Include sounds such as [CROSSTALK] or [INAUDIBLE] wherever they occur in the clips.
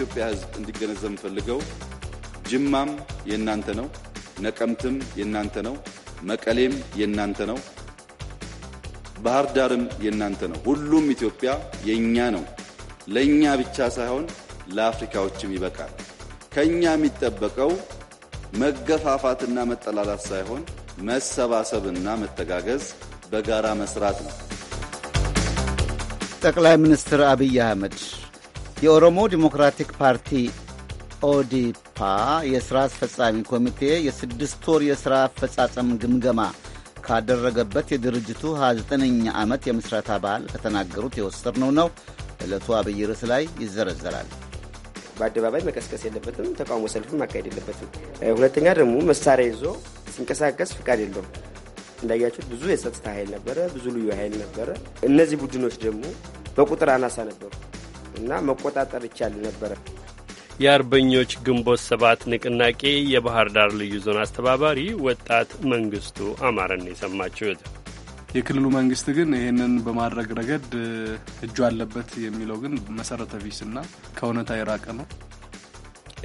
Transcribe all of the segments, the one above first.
የኢትዮጵያ ሕዝብ እንዲገነዘብ የምፈልገው ጅማም የእናንተ ነው፣ ነቀምትም የእናንተ ነው፣ መቀሌም የእናንተ ነው፣ ባህር ዳርም የእናንተ ነው። ሁሉም ኢትዮጵያ የእኛ ነው። ለእኛ ብቻ ሳይሆን ለአፍሪካዎችም ይበቃል። ከእኛ የሚጠበቀው መገፋፋትና መጠላላት ሳይሆን መሰባሰብና መተጋገዝ፣ በጋራ መስራት ነው። ጠቅላይ ሚኒስትር አብይ አህመድ የኦሮሞ ዲሞክራቲክ ፓርቲ ኦዲፓ የሥራ አስፈጻሚ ኮሚቴ የስድስት ወር የሥራ አፈጻጸም ግምገማ ካደረገበት የድርጅቱ 29ኛ ዓመት የምሥረታ በዓል ከተናገሩት የወሰድነው ነው። ዕለቱ አብይ ርዕስ ላይ ይዘረዘራል። በአደባባይ መቀስቀስ የለበትም። ተቃውሞ ሰልፍ ማካሄድ የለበትም። ሁለተኛ ደግሞ መሳሪያ ይዞ ሲንቀሳቀስ ፍቃድ የለውም። እንዳያችሁት ብዙ የጸጥታ ኃይል ነበረ፣ ብዙ ልዩ ኃይል ነበረ። እነዚህ ቡድኖች ደግሞ በቁጥር አናሳ ነበሩ። እና መቆጣጠር ይቻል ነበረ። የአርበኞች ግንቦት ሰባት ንቅናቄ የባህር ዳር ልዩ ዞን አስተባባሪ ወጣት መንግስቱ አማረን የሰማችሁት። የክልሉ መንግስት ግን ይህንን በማድረግ ረገድ እጁ አለበት የሚለው ግን መሰረተ ቢስና ከእውነታ የራቀ ነው።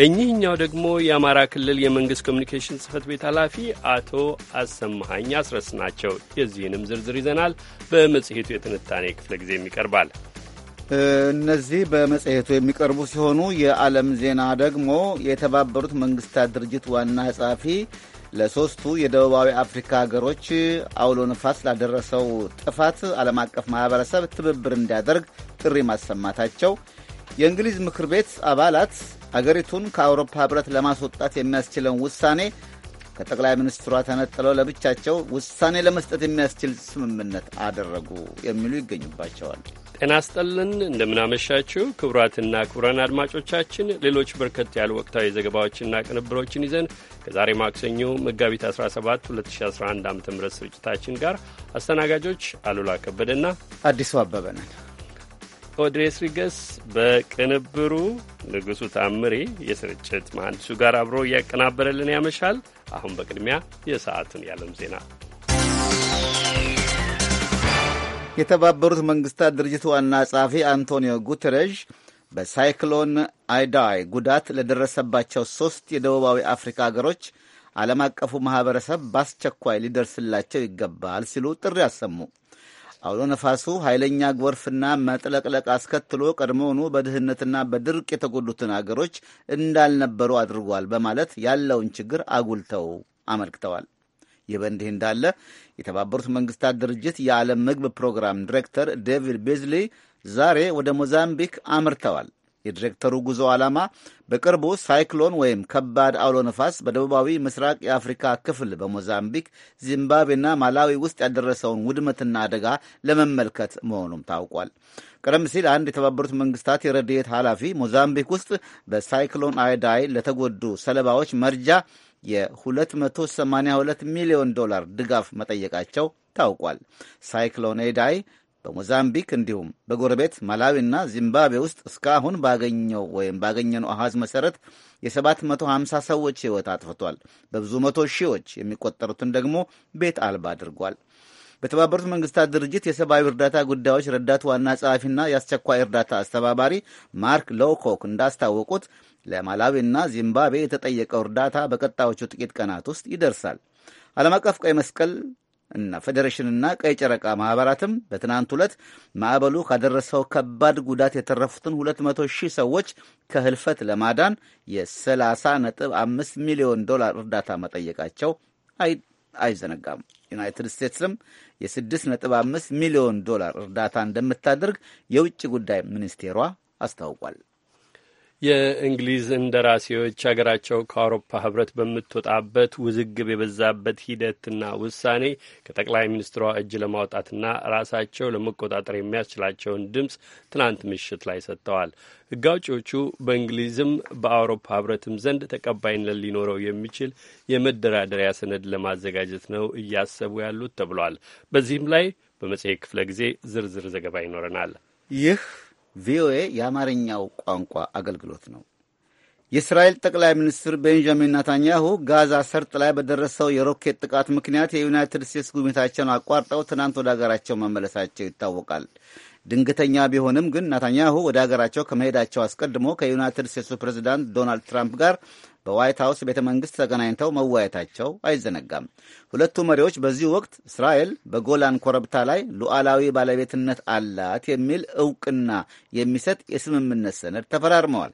እኚህኛው ደግሞ የአማራ ክልል የመንግስት ኮሚኒኬሽን ጽህፈት ቤት ኃላፊ አቶ አሰማሀኝ አስረስ ናቸው። የዚህንም ዝርዝር ይዘናል በመጽሔቱ የትንታኔ ክፍለ ጊዜም ይቀርባል። እነዚህ በመጽሔቱ የሚቀርቡ ሲሆኑ የዓለም ዜና ደግሞ የተባበሩት መንግስታት ድርጅት ዋና ጸሐፊ ለሶስቱ የደቡባዊ አፍሪካ ሀገሮች አውሎ ነፋስ ላደረሰው ጥፋት ዓለም አቀፍ ማህበረሰብ ትብብር እንዲያደርግ ጥሪ ማሰማታቸው፣ የእንግሊዝ ምክር ቤት አባላት አገሪቱን ከአውሮፓ ህብረት ለማስወጣት የሚያስችለውን ውሳኔ ከጠቅላይ ሚኒስትሯ ተነጥለው ለብቻቸው ውሳኔ ለመስጠት የሚያስችል ስምምነት አደረጉ የሚሉ ይገኙባቸዋል። ጤና ስጠልን እንደምናመሻችው ክቡራትና ክቡራን አድማጮቻችን ሌሎች በርከት ያሉ ወቅታዊ ዘገባዎችና ቅንብሮችን ይዘን ከዛሬ ማክሰኞ መጋቢት 17 2011 ዓ ም ስርጭታችን ጋር አስተናጋጆች አሉላ ከበደና አዲሱ አበበ ነን። ኦድሬስ ሪገስ በቅንብሩ ንጉሡ ታምሬ የስርጭት መሐንዲሱ ጋር አብሮ እያቀናበረልን ያመሻል። አሁን በቅድሚያ የሰዓቱን የዓለም ዜና የተባበሩት መንግስታት ድርጅት ዋና ጸሐፊ አንቶኒዮ ጉተረዥ በሳይክሎን አይዳይ ጉዳት ለደረሰባቸው ሶስት የደቡባዊ አፍሪካ አገሮች ዓለም አቀፉ ማኅበረሰብ በአስቸኳይ ሊደርስላቸው ይገባል ሲሉ ጥሪ አሰሙ። አውሎ ነፋሱ ኃይለኛ ጎርፍና መጥለቅለቅ አስከትሎ ቀድሞውኑ በድህነትና በድርቅ የተጎዱትን አገሮች እንዳልነበሩ አድርጓል በማለት ያለውን ችግር አጉልተው አመልክተዋል። ይህ በእንዲህ እንዳለ የተባበሩት መንግስታት ድርጅት የዓለም ምግብ ፕሮግራም ዲሬክተር ዴቪድ ቤዝሊ ዛሬ ወደ ሞዛምቢክ አምርተዋል። የዲሬክተሩ ጉዞ ዓላማ በቅርቡ ሳይክሎን ወይም ከባድ አውሎ ነፋስ በደቡባዊ ምስራቅ የአፍሪካ ክፍል በሞዛምቢክ፣ ዚምባብዌና ማላዊ ውስጥ ያደረሰውን ውድመትና አደጋ ለመመልከት መሆኑም ታውቋል። ቀደም ሲል አንድ የተባበሩት መንግስታት የረድኤት ኃላፊ ሞዛምቢክ ውስጥ በሳይክሎን አይዳይ ለተጎዱ ሰለባዎች መርጃ የ282 ሚሊዮን ዶላር ድጋፍ መጠየቃቸው ታውቋል። ሳይክሎን ኤዳይ በሞዛምቢክ እንዲሁም በጎረቤት ማላዊና ዚምባብዌ ውስጥ እስካሁን ባገኘው ወይም ባገኘነው አሃዝ መሰረት የ750 ሰዎች ሕይወት አጥፍቷል። በብዙ መቶ ሺዎች የሚቆጠሩትን ደግሞ ቤት አልባ አድርጓል። በተባበሩት መንግስታት ድርጅት የሰብአዊ እርዳታ ጉዳዮች ረዳት ዋና ጸሐፊና የአስቸኳይ እርዳታ አስተባባሪ ማርክ ሎውኮክ እንዳስታወቁት ለማላዊና ዚምባብዌ የተጠየቀው እርዳታ በቀጣዮቹ ጥቂት ቀናት ውስጥ ይደርሳል። ዓለም አቀፍ ቀይ መስቀል እና ፌዴሬሽንና ቀይ ጨረቃ ማህበራትም በትናንት ዕለት ማዕበሉ ካደረሰው ከባድ ጉዳት የተረፉትን 200 ሺህ ሰዎች ከህልፈት ለማዳን የ30.5 ሚሊዮን ዶላር እርዳታ መጠየቃቸው አይዘነጋም። ዩናይትድ ስቴትስም የ6.5 ሚሊዮን ዶላር እርዳታ እንደምታደርግ የውጭ ጉዳይ ሚኒስቴሯ አስታውቋል። የእንግሊዝ እንደራሴዎች ሀገራቸው ከአውሮፓ ህብረት በምትወጣበት ውዝግብ የበዛበት ሂደትና ውሳኔ ከጠቅላይ ሚኒስትሯ እጅ ለማውጣትና ራሳቸው ለመቆጣጠር የሚያስችላቸውን ድምፅ ትናንት ምሽት ላይ ሰጥተዋል። ሕግ አውጪዎቹ በእንግሊዝም በአውሮፓ ህብረትም ዘንድ ተቀባይነት ሊኖረው የሚችል የመደራደሪያ ሰነድ ለማዘጋጀት ነው እያሰቡ ያሉት ተብሏል። በዚህም ላይ በመጽሔት ክፍለ ጊዜ ዝርዝር ዘገባ ይኖረናል። ይህ ቪኦኤ የአማርኛው ቋንቋ አገልግሎት ነው። የእስራኤል ጠቅላይ ሚኒስትር ቤንጃሚን ናታንያሁ ጋዛ ሰርጥ ላይ በደረሰው የሮኬት ጥቃት ምክንያት የዩናይትድ ስቴትስ ጉብኝታቸውን አቋርጠው ትናንት ወደ አገራቸው መመለሳቸው ይታወቃል። ድንገተኛ ቢሆንም ግን ናታንያሁ ወደ ሀገራቸው ከመሄዳቸው አስቀድሞ ከዩናይትድ ስቴትሱ ፕሬዚዳንት ዶናልድ ትራምፕ ጋር በዋይት ሀውስ ቤተ መንግስት ተገናኝተው መወያየታቸው አይዘነጋም። ሁለቱ መሪዎች በዚህ ወቅት እስራኤል በጎላን ኮረብታ ላይ ሉዓላዊ ባለቤትነት አላት የሚል እውቅና የሚሰጥ የስምምነት ሰነድ ተፈራርመዋል።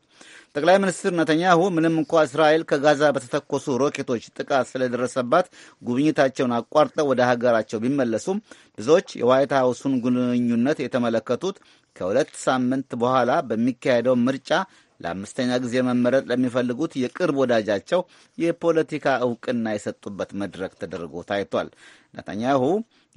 ጠቅላይ ሚኒስትር ነተንያሁ ምንም እንኳ እስራኤል ከጋዛ በተተኮሱ ሮኬቶች ጥቃት ስለደረሰባት ጉብኝታቸውን አቋርጠው ወደ ሀገራቸው ቢመለሱም ብዙዎች የዋይት ሀውሱን ግንኙነት የተመለከቱት ከሁለት ሳምንት በኋላ በሚካሄደው ምርጫ ለአምስተኛ ጊዜ መመረጥ ለሚፈልጉት የቅርብ ወዳጃቸው የፖለቲካ እውቅና የሰጡበት መድረክ ተደርጎ ታይቷል። ነተንያሁ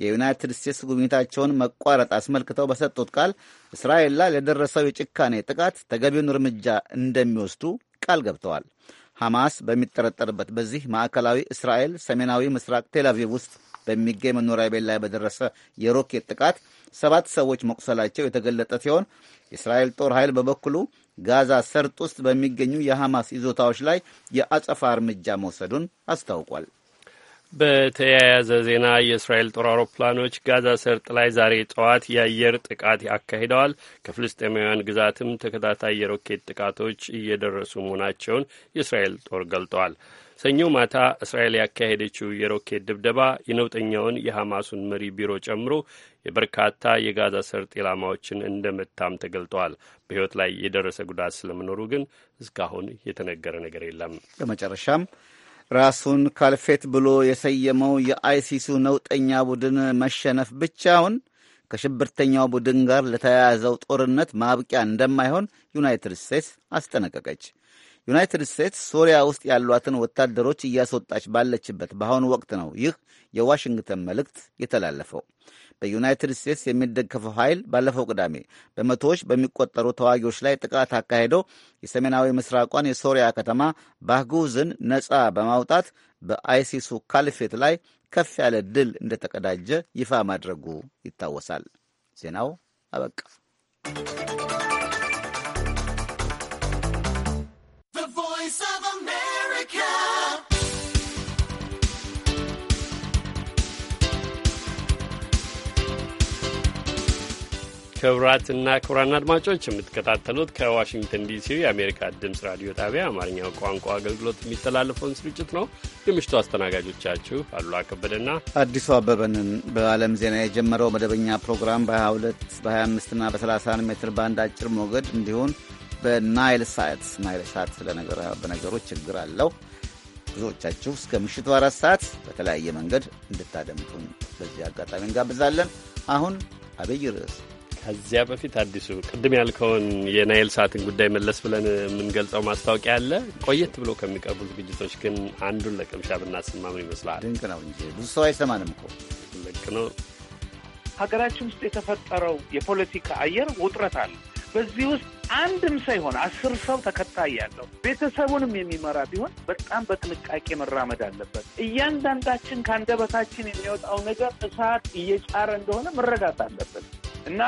የዩናይትድ ስቴትስ ጉብኝታቸውን መቋረጥ አስመልክተው በሰጡት ቃል እስራኤል ላይ ለደረሰው የጭካኔ ጥቃት ተገቢውን እርምጃ እንደሚወስዱ ቃል ገብተዋል። ሐማስ በሚጠረጠርበት በዚህ ማዕከላዊ እስራኤል ሰሜናዊ ምስራቅ ቴላቪቭ ውስጥ በሚገኝ መኖሪያ ቤት ላይ በደረሰ የሮኬት ጥቃት ሰባት ሰዎች መቁሰላቸው የተገለጠ ሲሆን የእስራኤል ጦር ኃይል በበኩሉ ጋዛ ሰርጥ ውስጥ በሚገኙ የሐማስ ይዞታዎች ላይ የአጸፋ እርምጃ መውሰዱን አስታውቋል። በተያያዘ ዜና የእስራኤል ጦር አውሮፕላኖች ጋዛ ሰርጥ ላይ ዛሬ ጠዋት የአየር ጥቃት ያካሂደዋል። ከፍልስጤማውያን ግዛትም ተከታታይ የሮኬት ጥቃቶች እየደረሱ መሆናቸውን የእስራኤል ጦር ገልጠዋል። ሰኞ ማታ እስራኤል ያካሄደችው የሮኬት ድብደባ የነውጠኛውን የሐማሱን መሪ ቢሮ ጨምሮ የበርካታ የጋዛ ሰርጥ ኢላማዎችን እንደመታም ተገልጠዋል። በሕይወት ላይ የደረሰ ጉዳት ስለመኖሩ ግን እስካሁን የተነገረ ነገር የለም። በመጨረሻም ራሱን ካልፌት ብሎ የሰየመው የአይሲሱ ነውጠኛ ቡድን መሸነፍ ብቻውን ከሽብርተኛው ቡድን ጋር ለተያያዘው ጦርነት ማብቂያ እንደማይሆን ዩናይትድ ስቴትስ አስጠነቀቀች። ዩናይትድ ስቴትስ ሶሪያ ውስጥ ያሏትን ወታደሮች እያስወጣች ባለችበት በአሁኑ ወቅት ነው ይህ የዋሽንግተን መልእክት የተላለፈው። በዩናይትድ ስቴትስ የሚደገፈው ኃይል ባለፈው ቅዳሜ በመቶዎች በሚቆጠሩ ተዋጊዎች ላይ ጥቃት አካሄደው የሰሜናዊ ምስራቋን የሶሪያ ከተማ ባህጉዝን ነፃ በማውጣት በአይሲሱ ካሊፌት ላይ ከፍ ያለ ድል እንደተቀዳጀ ይፋ ማድረጉ ይታወሳል። ዜናው አበቃ። ክቡራትና ክቡራን አድማጮች የምትከታተሉት ከዋሽንግተን ዲሲ የአሜሪካ ድምፅ ራዲዮ ጣቢያ አማርኛው ቋንቋ አገልግሎት የሚተላለፈውን ስርጭት ነው። የምሽቱ አስተናጋጆቻችሁ አሉላ ከበደና አዲሱ አበበንን በዓለም ዜና የጀመረው መደበኛ ፕሮግራም በ22 በ25ና በ31 ሜትር ባንድ አጭር ሞገድ እንዲሁን በናይል ሳት ናይል ሳት በነገሮች ችግር አለው። ብዙዎቻችሁ እስከ ምሽቱ አራት ሰዓት በተለያየ መንገድ እንድታደምጡን በዚህ አጋጣሚ እንጋብዛለን። አሁን አብይ ርዕስ ከዚያ በፊት አዲሱ ቅድም ያልከውን የናይል ሰዓትን ጉዳይ መለስ ብለን የምንገልጸው ማስታወቂያ አለ። ቆየት ብሎ ከሚቀርቡ ዝግጅቶች ግን አንዱን ለቅምሻ ብናሰማ ምን ይመስላል? ድንቅ ነው እንጂ ብዙ ሰው አይሰማንም እኮ። ልክ ነው። ሀገራችን ውስጥ የተፈጠረው የፖለቲካ አየር ውጥረት አለ። በዚህ ውስጥ አንድም ሳይሆን አስር ሰው ተከታይ ያለው ቤተሰቡንም የሚመራ ቢሆን በጣም በጥንቃቄ መራመድ አለበት። እያንዳንዳችን ከአንደበታችን የሚወጣው ነገር እሳት እየጫረ እንደሆነ መረዳት አለበት። እና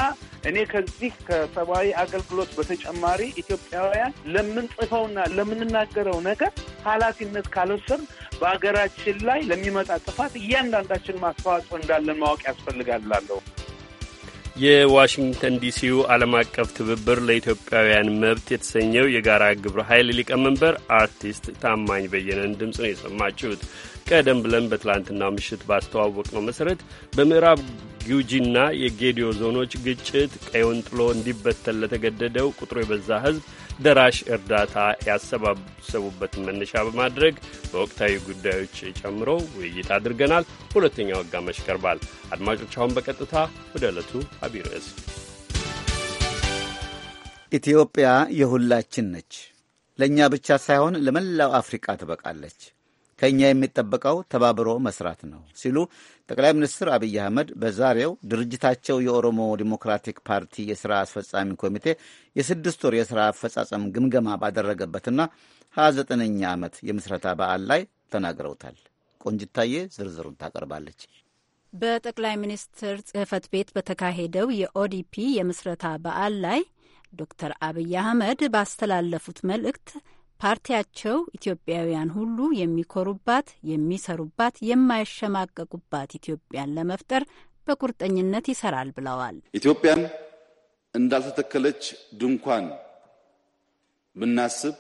እኔ ከዚህ ከሰብአዊ አገልግሎት በተጨማሪ ኢትዮጵያውያን ለምንጽፈውና ለምንናገረው ነገር ኃላፊነት ካልወሰድን በሀገራችን ላይ ለሚመጣ ጥፋት እያንዳንዳችን ማስተዋጽኦ እንዳለን ማወቅ ያስፈልጋል የዋሽንግተን ዲሲው ዓለም አቀፍ ትብብር ለኢትዮጵያውያን መብት የተሰኘው የጋራ ግብረ ኃይል ሊቀመንበር አርቲስት ታማኝ በየነን ድምፅ ነው የሰማችሁት። ቀደም ብለን በትላንትናው ምሽት ባስተዋወቅ ነው መሰረት በምዕራብ የጉጂና የጌዲዮ ዞኖች ግጭት ቀዩን ጥሎ እንዲበተን ለተገደደው ቁጥሩ የበዛ ሕዝብ ደራሽ እርዳታ ያሰባሰቡበትን መነሻ በማድረግ በወቅታዊ ጉዳዮች ጨምሮ ውይይት አድርገናል። ሁለተኛው አጋማሽ ይቀርባል። አድማጮች አሁን በቀጥታ ወደ ዕለቱ አብይ ርዕስ ኢትዮጵያ የሁላችን ነች። ለእኛ ብቻ ሳይሆን ለመላው አፍሪቃ ትበቃለች። ከእኛ የሚጠበቀው ተባብሮ መስራት ነው ሲሉ ጠቅላይ ሚኒስትር አብይ አህመድ በዛሬው ድርጅታቸው የኦሮሞ ዲሞክራቲክ ፓርቲ የሥራ አስፈጻሚ ኮሚቴ የስድስት ወር የሥራ አፈጻጸም ግምገማ ባደረገበትና 29ኛ ዓመት የምስረታ በዓል ላይ ተናግረውታል። ቆንጅታዬ ዝርዝሩን ታቀርባለች። በጠቅላይ ሚኒስትር ጽህፈት ቤት በተካሄደው የኦዲፒ የምስረታ በዓል ላይ ዶክተር አብይ አህመድ ባስተላለፉት መልእክት ፓርቲያቸው ኢትዮጵያውያን ሁሉ የሚኮሩባት፣ የሚሰሩባት፣ የማይሸማቀቁባት ኢትዮጵያን ለመፍጠር በቁርጠኝነት ይሰራል ብለዋል። ኢትዮጵያን እንዳልተተከለች ድንኳን ብናስብ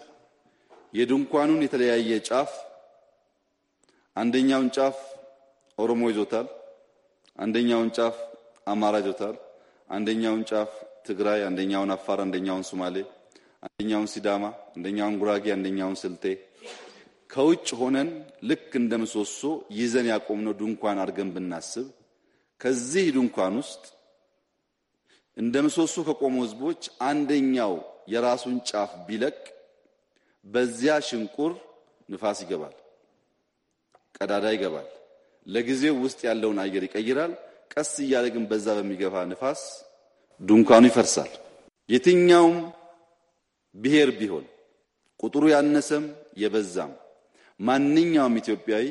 የድንኳኑን የተለያየ ጫፍ አንደኛውን ጫፍ ኦሮሞ ይዞታል፣ አንደኛውን ጫፍ አማራ ይዞታል፣ አንደኛውን ጫፍ ትግራይ፣ አንደኛውን አፋር፣ አንደኛውን ሶማሌ አንደኛውን ሲዳማ፣ አንደኛውን ጉራጌ፣ አንደኛውን ስልጤ ከውጭ ሆነን ልክ እንደ ምሰሶ ይዘን ያቆምነው ድንኳን አድርገን ብናስብ ከዚህ ድንኳን ውስጥ እንደ ምሰሶ ከቆሙ ህዝቦች አንደኛው የራሱን ጫፍ ቢለቅ በዚያ ሽንቁር ንፋስ ይገባል፣ ቀዳዳ ይገባል። ለጊዜው ውስጥ ያለውን አየር ይቀይራል። ቀስ እያለ ግን በዛ በሚገፋ ንፋስ ድንኳኑ ይፈርሳል። የትኛውም ብሔር ቢሆን ቁጥሩ ያነሰም የበዛም ማንኛውም ኢትዮጵያዊ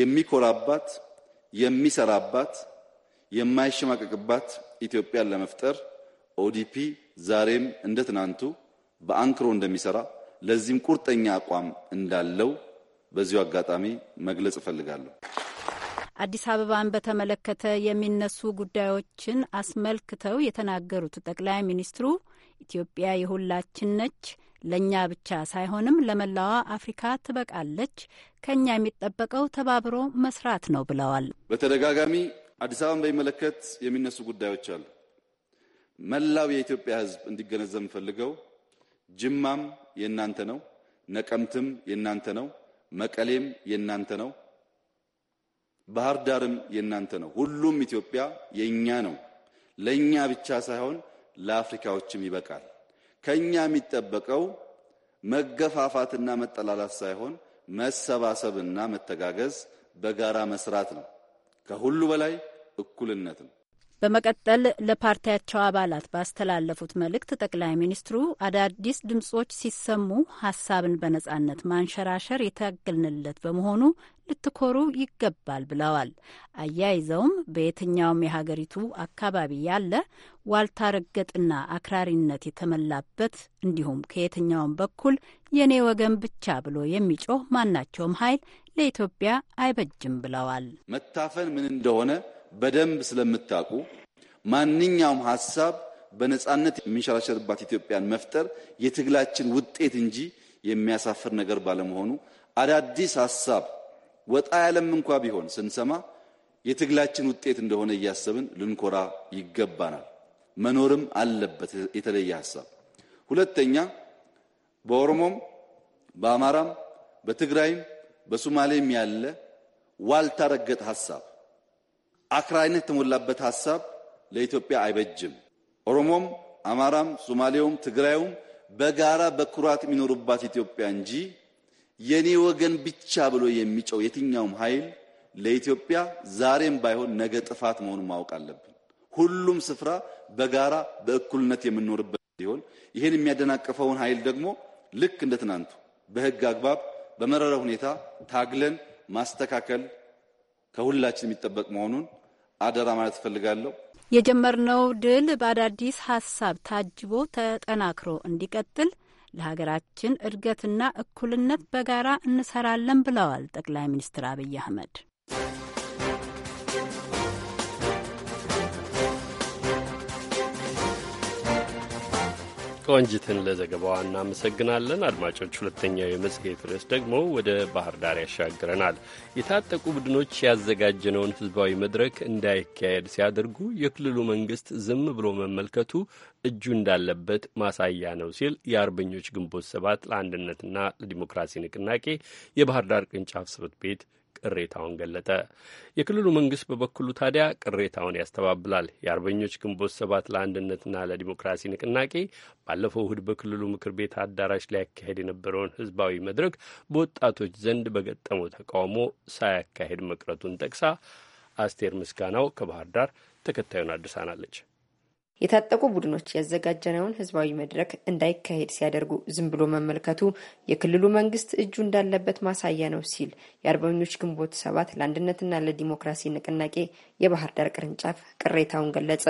የሚኮራባት የሚሰራባት የማይሸማቀቅባት ኢትዮጵያን ለመፍጠር ኦዲፒ ዛሬም እንደ ትናንቱ በአንክሮ እንደሚሰራ ለዚህም ቁርጠኛ አቋም እንዳለው በዚሁ አጋጣሚ መግለጽ እፈልጋለሁ። አዲስ አበባን በተመለከተ የሚነሱ ጉዳዮችን አስመልክተው የተናገሩት ጠቅላይ ሚኒስትሩ ኢትዮጵያ የሁላችን ነች፣ ለእኛ ብቻ ሳይሆንም ለመላዋ አፍሪካ ትበቃለች፣ ከእኛ የሚጠበቀው ተባብሮ መስራት ነው ብለዋል። በተደጋጋሚ አዲስ አበባን በሚመለከት የሚነሱ ጉዳዮች አሉ። መላው የኢትዮጵያ ሕዝብ እንዲገነዘብ የምፈልገው ጅማም የእናንተ ነው፣ ነቀምትም የእናንተ ነው፣ መቀሌም የእናንተ ነው ባህር ዳርም የእናንተ ነው። ሁሉም ኢትዮጵያ የእኛ ነው። ለእኛ ብቻ ሳይሆን ለአፍሪካዎችም ይበቃል። ከእኛ የሚጠበቀው መገፋፋትና መጠላላት ሳይሆን መሰባሰብና መተጋገዝ፣ በጋራ መስራት ነው። ከሁሉ በላይ እኩልነት ነው። በመቀጠል ለፓርቲያቸው አባላት ባስተላለፉት መልእክት ጠቅላይ ሚኒስትሩ አዳዲስ ድምጾች ሲሰሙ ሀሳብን በነጻነት ማንሸራሸር የታገልንለት በመሆኑ ልትኮሩ ይገባል ብለዋል። አያይዘውም በየትኛውም የሀገሪቱ አካባቢ ያለ ዋልታ ረገጥና አክራሪነት የተመላበት እንዲሁም ከየትኛውም በኩል የኔ ወገን ብቻ ብሎ የሚጮህ ማናቸውም ኃይል ለኢትዮጵያ አይበጅም ብለዋል። መታፈን ምን እንደሆነ በደንብ ስለምታውቁ ማንኛውም ሀሳብ በነጻነት የሚንሸራሸርባት ኢትዮጵያን መፍጠር የትግላችን ውጤት እንጂ የሚያሳፍር ነገር ባለመሆኑ አዳዲስ ሀሳብ ወጣ ያለም እንኳ ቢሆን ስንሰማ የትግላችን ውጤት እንደሆነ እያሰብን ልንኮራ ይገባናል። መኖርም አለበት የተለየ ሀሳብ። ሁለተኛ በኦሮሞም በአማራም በትግራይም በሶማሌም ያለ ዋልታ ረገጥ ሀሳብ አክራይነት የተሞላበት ሀሳብ ለኢትዮጵያ አይበጅም። ኦሮሞም፣ አማራም፣ ሶማሌውም፣ ትግራዩም በጋራ በኩራት የሚኖሩባት ኢትዮጵያ እንጂ የኔ ወገን ብቻ ብሎ የሚጨው የትኛውም ኃይል ለኢትዮጵያ ዛሬም ባይሆን ነገ ጥፋት መሆኑን ማወቅ አለብን። ሁሉም ስፍራ በጋራ በእኩልነት የምንኖርበት ሲሆን ይህን የሚያደናቅፈውን ኃይል ደግሞ ልክ እንደ ትናንቱ በሕግ አግባብ በመረረ ሁኔታ ታግለን ማስተካከል ከሁላችን የሚጠበቅ መሆኑን አደራ ማለት እፈልጋለሁ። የጀመርነው ድል በአዳዲስ ሀሳብ ታጅቦ ተጠናክሮ እንዲቀጥል ለሀገራችን እድገትና እኩልነት በጋራ እንሰራለን ብለዋል ጠቅላይ ሚኒስትር አብይ አህመድ። ቆንጅትን ለዘገባዋ እናመሰግናለን። አድማጮች፣ ሁለተኛው የመጽሔት ርዕስ ደግሞ ወደ ባህር ዳር ያሻግረናል። የታጠቁ ቡድኖች ያዘጋጀነውን ህዝባዊ መድረክ እንዳይካሄድ ሲያደርጉ የክልሉ መንግስት ዝም ብሎ መመልከቱ እጁ እንዳለበት ማሳያ ነው ሲል የአርበኞች ግንቦት ሰባት ለአንድነትና ለዲሞክራሲ ንቅናቄ የባህር ዳር ቅርንጫፍ ጽሕፈት ቤት ቅሬታውን ገለጠ። የክልሉ መንግስት በበኩሉ ታዲያ ቅሬታውን ያስተባብላል። የአርበኞች ግንቦት ሰባት ለአንድነትና ለዲሞክራሲ ንቅናቄ ባለፈው እሁድ በክልሉ ምክር ቤት አዳራሽ ሊያካሄድ የነበረውን ህዝባዊ መድረክ በወጣቶች ዘንድ በገጠመው ተቃውሞ ሳያካሄድ መቅረቱን ጠቅሳ አስቴር ምስጋናው ከባህር ዳር ተከታዩን አድርሳናለች። የታጠቁ ቡድኖች ያዘጋጀነውን ህዝባዊ መድረክ እንዳይካሄድ ሲያደርጉ ዝም ብሎ መመልከቱ የክልሉ መንግስት እጁ እንዳለበት ማሳያ ነው ሲል የአርበኞች ግንቦት ሰባት ለአንድነትና ለዲሞክራሲ ንቅናቄ የባህር ዳር ቅርንጫፍ ቅሬታውን ገለጸ።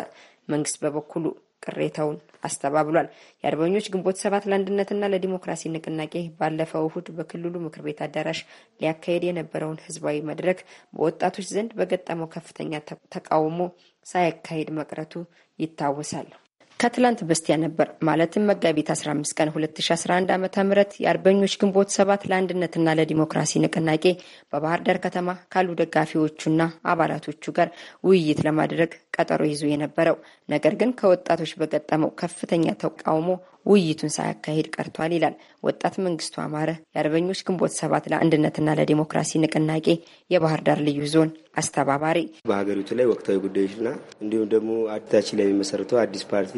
መንግስት በበኩሉ ቅሬታውን አስተባብሏል። የአርበኞች ግንቦት ሰባት ለአንድነትና ለዲሞክራሲ ንቅናቄ ባለፈው እሁድ በክልሉ ምክር ቤት አዳራሽ ሊያካሄድ የነበረውን ህዝባዊ መድረክ በወጣቶች ዘንድ በገጠመው ከፍተኛ ተቃውሞ ሳያካሄድ መቅረቱ ይታወሳል። ከትላንት በስቲያ ነበር ማለትም መጋቢት 15 ቀን 2011 ዓ ም የአርበኞች ግንቦት ሰባት ለአንድነትና ለዲሞክራሲ ንቅናቄ በባህር ዳር ከተማ ካሉ ደጋፊዎቹና አባላቶቹ ጋር ውይይት ለማድረግ ቀጠሮ ይዞ የነበረው ነገር ግን ከወጣቶች በገጠመው ከፍተኛ ተቃውሞ ውይይቱን ሳያካሄድ ቀርቷል ይላል ወጣት መንግስቱ አማረ የአርበኞች ግንቦት ሰባት ለአንድነትና ለዲሞክራሲ ንቅናቄ የባህር ዳር ልዩ ዞን አስተባባሪ። በሀገሪቱ ላይ ወቅታዊ ጉዳዮችና እንዲሁም ደግሞ አዲታችን ላይ የሚመሰረተው አዲስ ፓርቲ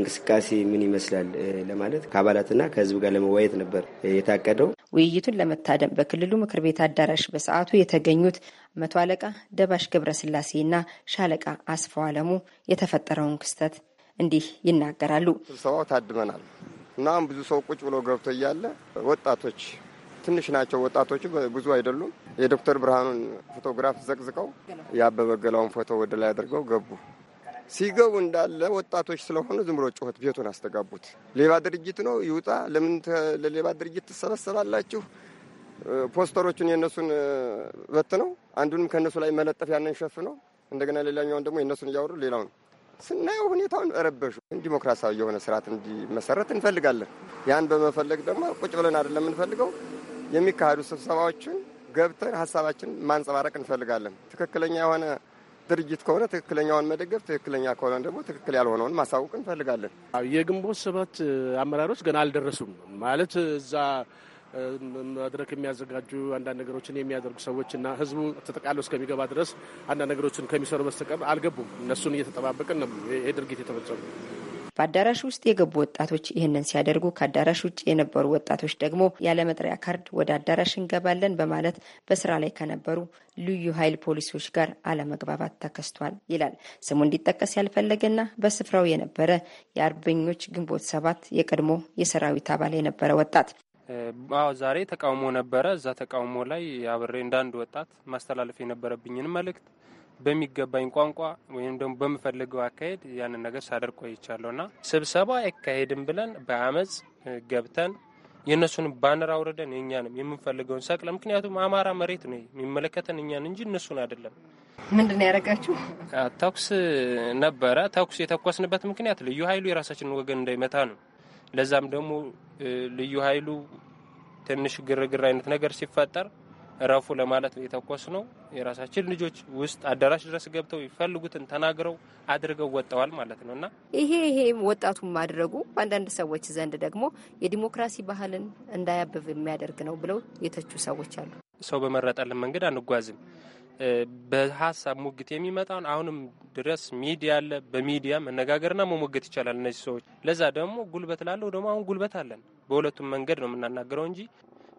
እንቅስቃሴ ምን ይመስላል ለማለት ከአባላትና ከህዝብ ጋር ለመወያየት ነበር የታቀደው። ውይይቱን ለመታደም በክልሉ ምክር ቤት አዳራሽ በሰዓቱ የተገኙት መቶ አለቃ ደባሽ ገብረስላሴና ሻለቃ አስፋው አለሙ የተፈጠረውን ክስተት እንዲህ ይናገራሉ። ስብሰባው ታድመናል እናም ብዙ ሰው ቁጭ ብሎ ገብቶ እያለ ወጣቶች ትንሽ ናቸው ወጣቶቹ ብዙ አይደሉም። የዶክተር ብርሃኑን ፎቶግራፍ ዘቅዝቀው የአበበ ገላውን ፎቶ ወደ ላይ አድርገው ገቡ። ሲገቡ እንዳለ ወጣቶች ስለሆኑ ዝም ብሎ ጩኸት ቤቱን አስተጋቡት። ሌባ ድርጅት ነው ይውጣ፣ ለምን ለሌባ ድርጅት ትሰበሰባላችሁ? ፖስተሮቹን የእነሱን ነው አንዱንም ከእነሱ ላይ መለጠፍ ያንን ሸፍ ነው። እንደገና ሌላኛውን ደግሞ የእነሱን እያወሩ ሌላውን ስናየው ሁኔታውን ረበሹ። ዲሞክራሲያዊ የሆነ ስርዓት እንዲመሰረት እንፈልጋለን። ያን በመፈለግ ደግሞ ቁጭ ብለን አይደለም የምንፈልገው የሚካሄዱ ስብሰባዎችን ገብተን ሀሳባችን ማንጸባረቅ እንፈልጋለን። ትክክለኛ የሆነ ድርጅት ከሆነ ትክክለኛውን መደገፍ፣ ትክክለኛ ከሆነ ደግሞ ትክክል ያልሆነውን ማሳወቅ እንፈልጋለን። የግንቦት ሰባት አመራሮች ገና አልደረሱም ማለት እዛ መድረክ የሚያዘጋጁ አንዳንድ ነገሮችን የሚያደርጉ ሰዎች እና ህዝቡ ተጠቃሎ እስከሚገባ ድረስ አንዳንድ ነገሮችን ከሚሰሩ በስተቀር አልገቡም። እነሱን እየተጠባበቅን ነው ይሄ ድርጊት የተፈጸሙ። በአዳራሽ ውስጥ የገቡ ወጣቶች ይህንን ሲያደርጉ ከአዳራሽ ውጭ የነበሩ ወጣቶች ደግሞ ያለመጥሪያ ካርድ ወደ አዳራሽ እንገባለን በማለት በስራ ላይ ከነበሩ ልዩ ኃይል ፖሊሶች ጋር አለመግባባት ተከስቷል ይላል ስሙ እንዲጠቀስ ያልፈለገና በስፍራው የነበረ የአርበኞች ግንቦት ሰባት የቀድሞ የሰራዊት አባል የነበረ ወጣት። ዛሬ ተቃውሞ ነበረ። እዛ ተቃውሞ ላይ አብሬ እንዳንድ ወጣት ማስተላለፍ የነበረብኝን መልእክት በሚገባኝ ቋንቋ ወይም ደግሞ በምፈልገው አካሄድ ያንን ነገር ሳደር ቆይቻለሁ ና ስብሰባ አይካሄድም ብለን በአመፅ ገብተን የእነሱን ባነር አውርደን የእኛንም የምንፈልገውን ሰቅለ ምክንያቱም አማራ መሬት ነው የሚመለከተን እኛን እንጂ እነሱን አይደለም። ምንድን ያደረጋችሁ? ተኩስ ነበረ። ተኩስ የተኮስንበት ምክንያት ልዩ ኃይሉ የራሳችንን ወገን እንዳይመታ ነው። ለዛም ደግሞ ልዩ ኃይሉ ትንሽ ግርግር አይነት ነገር ሲፈጠር እረፉ ለማለት የተኮስ ነው። የራሳችን ልጆች ውስጥ አዳራሽ ድረስ ገብተው ይፈልጉትን ተናግረው አድርገው ወጠዋል ማለት ነው እና ይሄ ይሄ ወጣቱን ማድረጉ በአንዳንድ ሰዎች ዘንድ ደግሞ የዲሞክራሲ ባህልን እንዳያብብ የሚያደርግ ነው ብለው የተቹ ሰዎች አሉ። ሰው በመረጠልን መንገድ አንጓዝም። በሀሳብ ሙግት የሚመጣውን አሁንም ድረስ ሚዲያ አለ። በሚዲያ መነጋገርና መሞገት ይቻላል። እነዚህ ሰዎች ለዛ ደግሞ ጉልበት ላለው ደግሞ አሁን ጉልበት አለን። በሁለቱም መንገድ ነው የምናናገረው እንጂ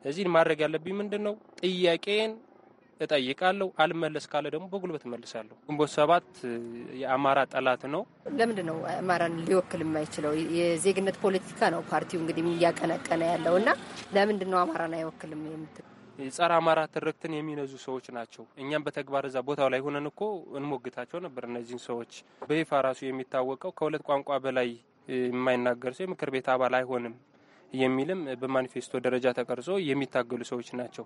እዚህ ማድረግ ያለብኝ ምንድን ነው? ጥያቄን እጠይቃለሁ። አልመለስ ካለ ደግሞ በጉልበት እመልሳለሁ። ግንቦት ሰባት የአማራ ጠላት ነው። ለምንድን ነው አማራን ሊወክል የማይችለው? የዜግነት ፖለቲካ ነው ፓርቲው እንግዲህ እያቀነቀነ ያለው እና ለምንድን ነው አማራን አይወክልም የምትለው ጸረ አማራ ትርክትን የሚነዙ ሰዎች ናቸው። እኛም በተግባር እዛ ቦታው ላይ ሆነን እኮ እንሞግታቸው ነበር። እነዚህን ሰዎች በይፋ ራሱ የሚታወቀው ከሁለት ቋንቋ በላይ የማይናገር ሰው የምክር ቤት አባል አይሆንም የሚልም በማኒፌስቶ ደረጃ ተቀርጾ የሚታገሉ ሰዎች ናቸው።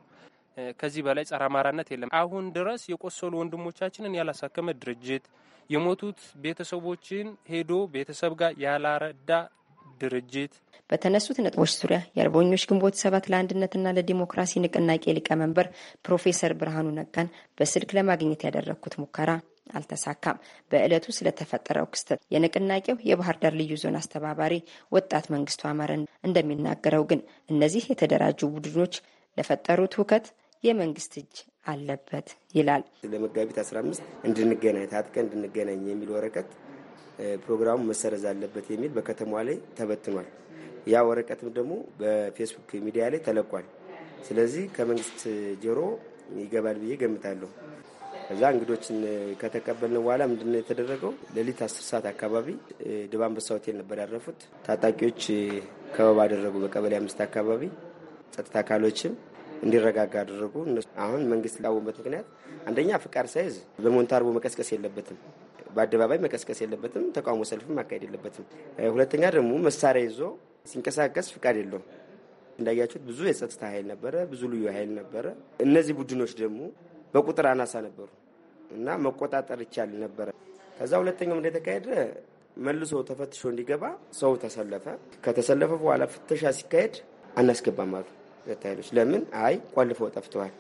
ከዚህ በላይ ጸረ አማራነት የለም። አሁን ድረስ የቆሰሉ ወንድሞቻችንን ያላሳከመ ድርጅት የሞቱት ቤተሰቦችን ሄዶ ቤተሰብ ጋር ያላረዳ ድርጅት በተነሱት ነጥቦች ዙሪያ የአርበኞች ግንቦት ሰባት ለአንድነትና ለዲሞክራሲ ንቅናቄ ሊቀመንበር ፕሮፌሰር ብርሃኑ ነጋን በስልክ ለማግኘት ያደረግኩት ሙከራ አልተሳካም። በዕለቱ ስለተፈጠረው ክስተት የንቅናቄው የባህር ዳር ልዩ ዞን አስተባባሪ ወጣት መንግስቱ አማረን እንደሚናገረው ግን እነዚህ የተደራጁ ቡድኖች ለፈጠሩት ሁከት የመንግስት እጅ አለበት ይላል። ለመጋቢት 15 እንድንገናኝ ታጥቀ እንድንገናኝ የሚል ወረቀት ፕሮግራሙ መሰረዝ አለበት የሚል በከተማዋ ላይ ተበትኗል። ያ ወረቀትም ደግሞ በፌስቡክ ሚዲያ ላይ ተለቋል። ስለዚህ ከመንግስት ጆሮ ይገባል ብዬ ገምታለሁ። ከዛ እንግዶችን ከተቀበልን በኋላ ምንድነው የተደረገው? ሌሊት አስር ሰዓት አካባቢ ድባ አንበሳ ሆቴል ነበር ያረፉት። ታጣቂዎች ከበባ አደረጉ። በቀበሌ አምስት አካባቢ ጸጥታ አካሎችም እንዲረጋጋ አደረጉ። አሁን መንግስት ላወበት ምክንያት አንደኛ ፍቃድ ሳይዝ በሞንታርቦ መቀስቀስ የለበትም በአደባባይ መቀስቀስ የለበትም። ተቃውሞ ሰልፍም ማካሄድ የለበትም። ሁለተኛ ደግሞ መሳሪያ ይዞ ሲንቀሳቀስ ፍቃድ የለውም። እንዳያችሁት ብዙ የጸጥታ ኃይል ነበረ፣ ብዙ ልዩ ኃይል ነበረ። እነዚህ ቡድኖች ደግሞ በቁጥር አናሳ ነበሩ እና መቆጣጠር ይቻል ነበረ። ከዛ ሁለተኛው እንደተካሄደ መልሶ ተፈትሾ እንዲገባ ሰው ተሰለፈ። ከተሰለፈ በኋላ ፍተሻ ሲካሄድ አናስገባም አሉ ኃይሎች። ለምን? አይ ቆልፈው ጠፍተዋል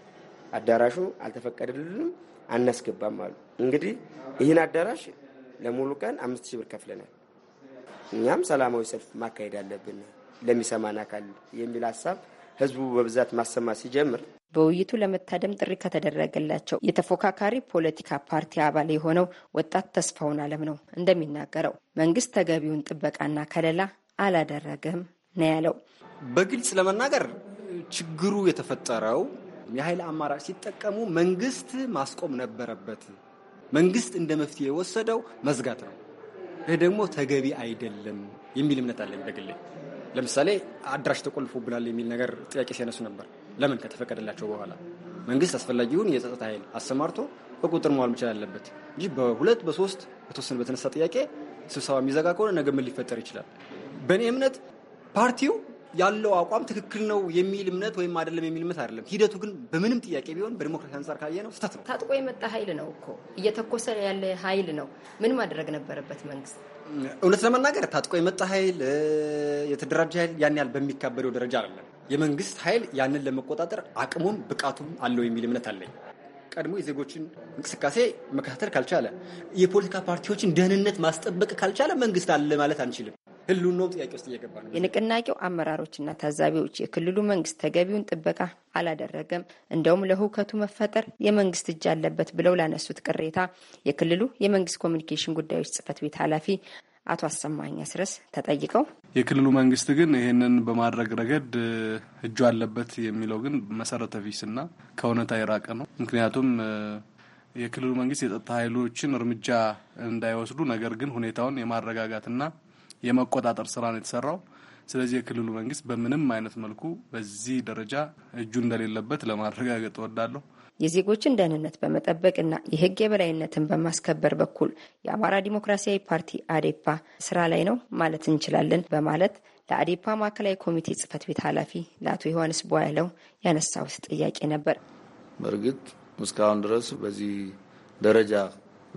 አዳራሹ አልተፈቀደልንም አናስገባም አሉ። እንግዲህ ይህን አዳራሽ ለሙሉ ቀን አምስት ሺህ ብር ከፍለናል። እኛም ሰላማዊ ሰልፍ ማካሄድ አለብን ለሚሰማን አካል የሚል ሀሳብ ህዝቡ በብዛት ማሰማት ሲጀምር በውይይቱ ለመታደም ጥሪ ከተደረገላቸው የተፎካካሪ ፖለቲካ ፓርቲ አባል የሆነው ወጣት ተስፋውን አለም ነው እንደሚናገረው መንግስት ተገቢውን ጥበቃና ከለላ አላደረገም ነው ያለው። በግልጽ ለመናገር ችግሩ የተፈጠረው የኃይል አማራጭ ሲጠቀሙ መንግስት ማስቆም ነበረበት። መንግስት እንደ መፍትሄ የወሰደው መዝጋት ነው። ይህ ደግሞ ተገቢ አይደለም የሚል እምነት አለኝ በግሌ። ለምሳሌ አድራሽ ተቆልፎብናል የሚል ነገር ጥያቄ ሲያነሱ ነበር። ለምን ከተፈቀደላቸው በኋላ መንግስት አስፈላጊውን የጸጥታ ኃይል አሰማርቶ በቁጥር መዋል መቻል አለበት እንጂ በሁለት በሶስት በተወሰነ በተነሳ ጥያቄ ስብሰባ የሚዘጋ ከሆነ ነገ ምን ሊፈጠር ይችላል? በእኔ እምነት ፓርቲው ያለው አቋም ትክክል ነው የሚል እምነት ወይም አይደለም የሚል እምነት አይደለም። ሂደቱ ግን በምንም ጥያቄ ቢሆን በዲሞክራሲ አንጻር ካየ ነው ስህተት ነው። ታጥቆ የመጣ ኃይል ነው እኮ እየተኮሰ ያለ ኃይል ነው። ምን ማድረግ ነበረበት መንግስት? እውነት ለመናገር ታጥቆ የመጣ ኃይል የተደራጀ ኃይል ያን ያህል በሚካበደው ደረጃ አይደለም። የመንግስት ኃይል ያንን ለመቆጣጠር አቅሙም ብቃቱም አለው የሚል እምነት አለኝ። ቀድሞ የዜጎችን እንቅስቃሴ መከታተል ካልቻለ፣ የፖለቲካ ፓርቲዎችን ደህንነት ማስጠበቅ ካልቻለ መንግስት አለ ማለት አንችልም። ህልውናውም ጥያቄ ውስጥ እየገባ ነው። የንቅናቄው አመራሮችና ታዛቢዎች የክልሉ መንግስት ተገቢውን ጥበቃ አላደረገም፣ እንደውም ለሁከቱ መፈጠር የመንግስት እጅ አለበት ብለው ላነሱት ቅሬታ የክልሉ የመንግስት ኮሚኒኬሽን ጉዳዮች ጽህፈት ቤት ኃላፊ አቶ አሰማኝ አስረስ ተጠይቀው የክልሉ መንግስት ግን ይህንን በማድረግ ረገድ እጁ አለበት የሚለው ግን መሰረተ ቢስና ከእውነታ የራቀ ነው። ምክንያቱም የክልሉ መንግስት የጸጥታ ኃይሎችን እርምጃ እንዳይወስዱ ነገር ግን ሁኔታውን የማረጋጋትና የመቆጣጠር ስራ ነው የተሰራው። ስለዚህ የክልሉ መንግስት በምንም አይነት መልኩ በዚህ ደረጃ እጁ እንደሌለበት ለማረጋገጥ እወዳለሁ። የዜጎችን ደህንነት በመጠበቅና የህግ የበላይነትን በማስከበር በኩል የአማራ ዲሞክራሲያዊ ፓርቲ አዴፓ ስራ ላይ ነው ማለት እንችላለን በማለት ለአዴፓ ማዕከላዊ ኮሚቴ ጽህፈት ቤት ኃላፊ ለአቶ ዮሐንስ ቧያለው ያነሳሁት ጥያቄ ነበር። በእርግጥ እስካሁን ድረስ በዚህ ደረጃ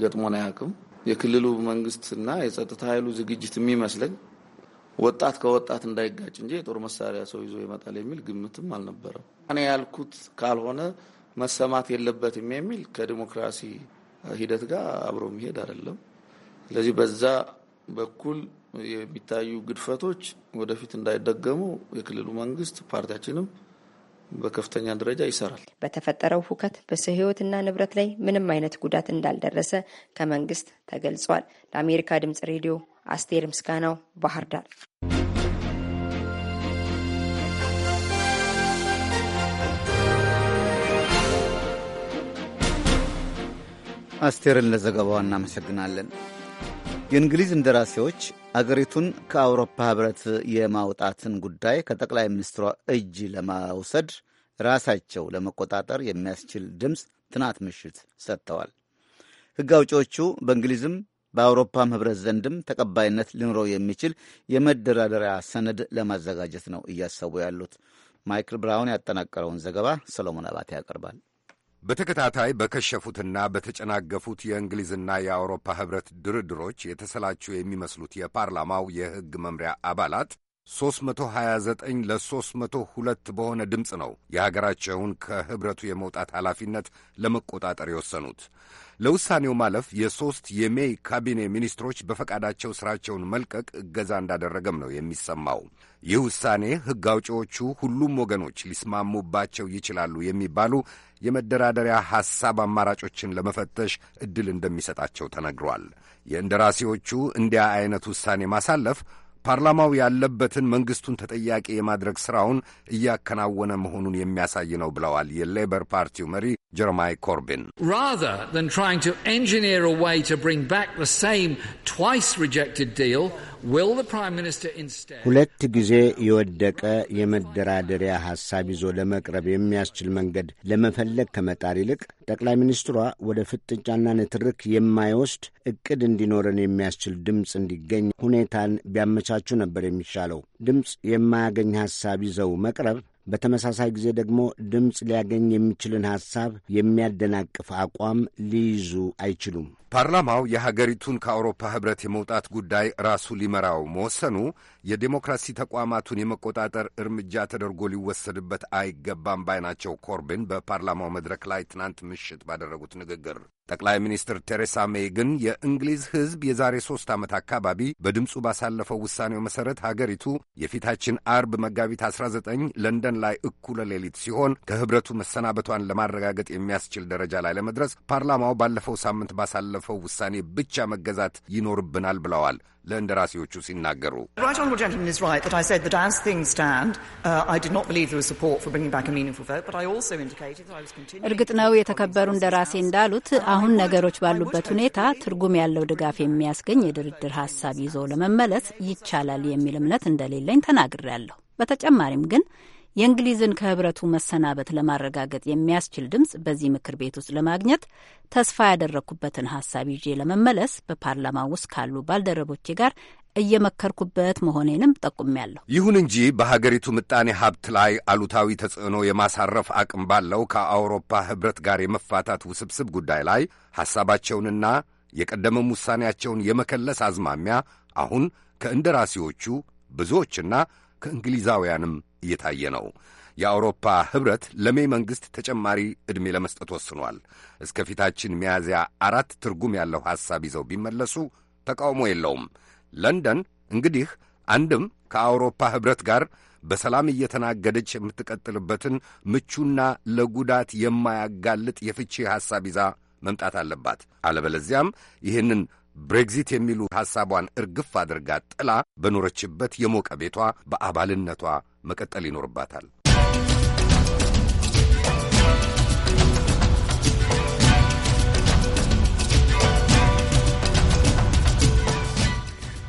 ገጥሞን አያውቅም። የክልሉ መንግስትና የጸጥታ ኃይሉ ዝግጅት የሚመስለኝ ወጣት ከወጣት እንዳይጋጭ እንጂ የጦር መሳሪያ ሰው ይዞ ይመጣል የሚል ግምትም አልነበረም። እኔ ያልኩት ካልሆነ መሰማት የለበትም የሚል ከዲሞክራሲ ሂደት ጋር አብሮ የሚሄድ አይደለም። ስለዚህ በዛ በኩል የሚታዩ ግድፈቶች ወደፊት እንዳይደገሙ የክልሉ መንግስት ፓርቲያችንም በከፍተኛ ደረጃ ይሰራል። በተፈጠረው ሁከት በሰው ሕይወትና ንብረት ላይ ምንም አይነት ጉዳት እንዳልደረሰ ከመንግስት ተገልጿል። ለአሜሪካ ድምጽ ሬዲዮ አስቴር ምስጋናው ባህር ዳር። አስቴርን ለዘገባው እናመሰግናለን። የእንግሊዝ እንደራሴዎች አገሪቱን ከአውሮፓ ህብረት የማውጣትን ጉዳይ ከጠቅላይ ሚኒስትሯ እጅ ለማውሰድ ራሳቸው ለመቆጣጠር የሚያስችል ድምፅ ትናት ምሽት ሰጥተዋል። ሕግ አውጪዎቹ በእንግሊዝም በአውሮፓም ህብረት ዘንድም ተቀባይነት ሊኖረው የሚችል የመደራደሪያ ሰነድ ለማዘጋጀት ነው እያሰቡ ያሉት። ማይክል ብራውን ያጠናቀረውን ዘገባ ሰሎሞን አባቴ ያቀርባል። በተከታታይ በከሸፉትና በተጨናገፉት የእንግሊዝና የአውሮፓ ህብረት ድርድሮች የተሰላቹ የሚመስሉት የፓርላማው የሕግ መምሪያ አባላት 329 ለ302 በሆነ ድምፅ ነው የሀገራቸውን ከኅብረቱ የመውጣት ኃላፊነት ለመቆጣጠር የወሰኑት። ለውሳኔው ማለፍ የሦስት የሜይ ካቢኔ ሚኒስትሮች በፈቃዳቸው ሥራቸውን መልቀቅ እገዛ እንዳደረገም ነው የሚሰማው። ይህ ውሳኔ ሕግ አውጪዎቹ ሁሉም ወገኖች ሊስማሙባቸው ይችላሉ የሚባሉ የመደራደሪያ ሐሳብ አማራጮችን ለመፈተሽ ዕድል እንደሚሰጣቸው ተነግሯል። የእንደራሴዎቹ እንዲያ ዐይነት ውሳኔ ማሳለፍ ፓርላማው ያለበትን መንግስቱን ተጠያቂ የማድረግ ሥራውን እያከናወነ መሆኑን የሚያሳይ ነው ብለዋል የሌበር ፓርቲው መሪ ጀረማይ ኮርቢን። ሁለት ጊዜ የወደቀ የመደራደሪያ ሐሳብ ይዞ ለመቅረብ የሚያስችል መንገድ ለመፈለግ ከመጣር ይልቅ ጠቅላይ ሚኒስትሯ ወደ ፍጥጫና ንትርክ የማይወስድ እቅድ እንዲኖረን የሚያስችል ድምፅ እንዲገኝ ሁኔታን ቢያመቻቹ ነበር የሚሻለው። ድምፅ የማያገኝ ሐሳብ ይዘው መቅረብ በተመሳሳይ ጊዜ ደግሞ ድምፅ ሊያገኝ የሚችልን ሐሳብ የሚያደናቅፍ አቋም ሊይዙ አይችሉም። ፓርላማው የሀገሪቱን ከአውሮፓ ኅብረት የመውጣት ጉዳይ ራሱ ሊመራው መወሰኑ የዴሞክራሲ ተቋማቱን የመቆጣጠር እርምጃ ተደርጎ ሊወሰድበት አይገባም ባይ ናቸው ኮርቢን በፓርላማው መድረክ ላይ ትናንት ምሽት ባደረጉት ንግግር። ጠቅላይ ሚኒስትር ቴሬሳ ሜይ ግን የእንግሊዝ ሕዝብ የዛሬ ሦስት ዓመት አካባቢ በድምፁ ባሳለፈው ውሳኔው መሠረት ሀገሪቱ የፊታችን አርብ መጋቢት 19 ለንደን ላይ እኩለ ሌሊት ሲሆን ከኅብረቱ መሰናበቷን ለማረጋገጥ የሚያስችል ደረጃ ላይ ለመድረስ ፓርላማው ባለፈው ሳምንት ባሳለፈው ውሳኔ ብቻ መገዛት ይኖርብናል ብለዋል። ለእንደራሴዎቹ ሲናገሩ uh, እርግጥ ነው የተከበሩ እንደራሴ እንዳሉት አሁን ነገሮች ባሉበት ሁኔታ ትርጉም ያለው ድጋፍ የሚያስገኝ የድርድር ሀሳብ ይዞ ለመመለስ ይቻላል የሚል እምነት እንደሌለኝ ተናግሬያለሁ። በተጨማሪም ግን የእንግሊዝን ከህብረቱ መሰናበት ለማረጋገጥ የሚያስችል ድምፅ በዚህ ምክር ቤት ውስጥ ለማግኘት ተስፋ ያደረግኩበትን ሀሳብ ይዤ ለመመለስ በፓርላማ ውስጥ ካሉ ባልደረቦቼ ጋር እየመከርኩበት መሆኔንም ጠቁሜያለሁ። ይሁን እንጂ በሀገሪቱ ምጣኔ ሀብት ላይ አሉታዊ ተጽዕኖ የማሳረፍ አቅም ባለው ከአውሮፓ ህብረት ጋር የመፋታት ውስብስብ ጉዳይ ላይ ሐሳባቸውንና የቀደመም ውሳኔያቸውን የመከለስ አዝማሚያ አሁን ከእንደራሴዎቹ ብዙዎችና ከእንግሊዛውያንም እየታየ ነው። የአውሮፓ ኅብረት ለሜይ መንግሥት ተጨማሪ ዕድሜ ለመስጠት ወስኗል። እስከ ፊታችን ሚያዝያ አራት ትርጉም ያለው ሐሳብ ይዘው ቢመለሱ ተቃውሞ የለውም። ለንደን እንግዲህ አንድም ከአውሮፓ ኅብረት ጋር በሰላም እየተናገደች የምትቀጥልበትን ምቹና ለጉዳት የማያጋልጥ የፍቺ ሐሳብ ይዛ መምጣት አለባት። አለበለዚያም ይህንን ብሬግዚት የሚሉ ሐሳቧን እርግፍ አድርጋ ጥላ በኖረችበት የሞቀ ቤቷ በአባልነቷ መቀጠል ይኖርባታል።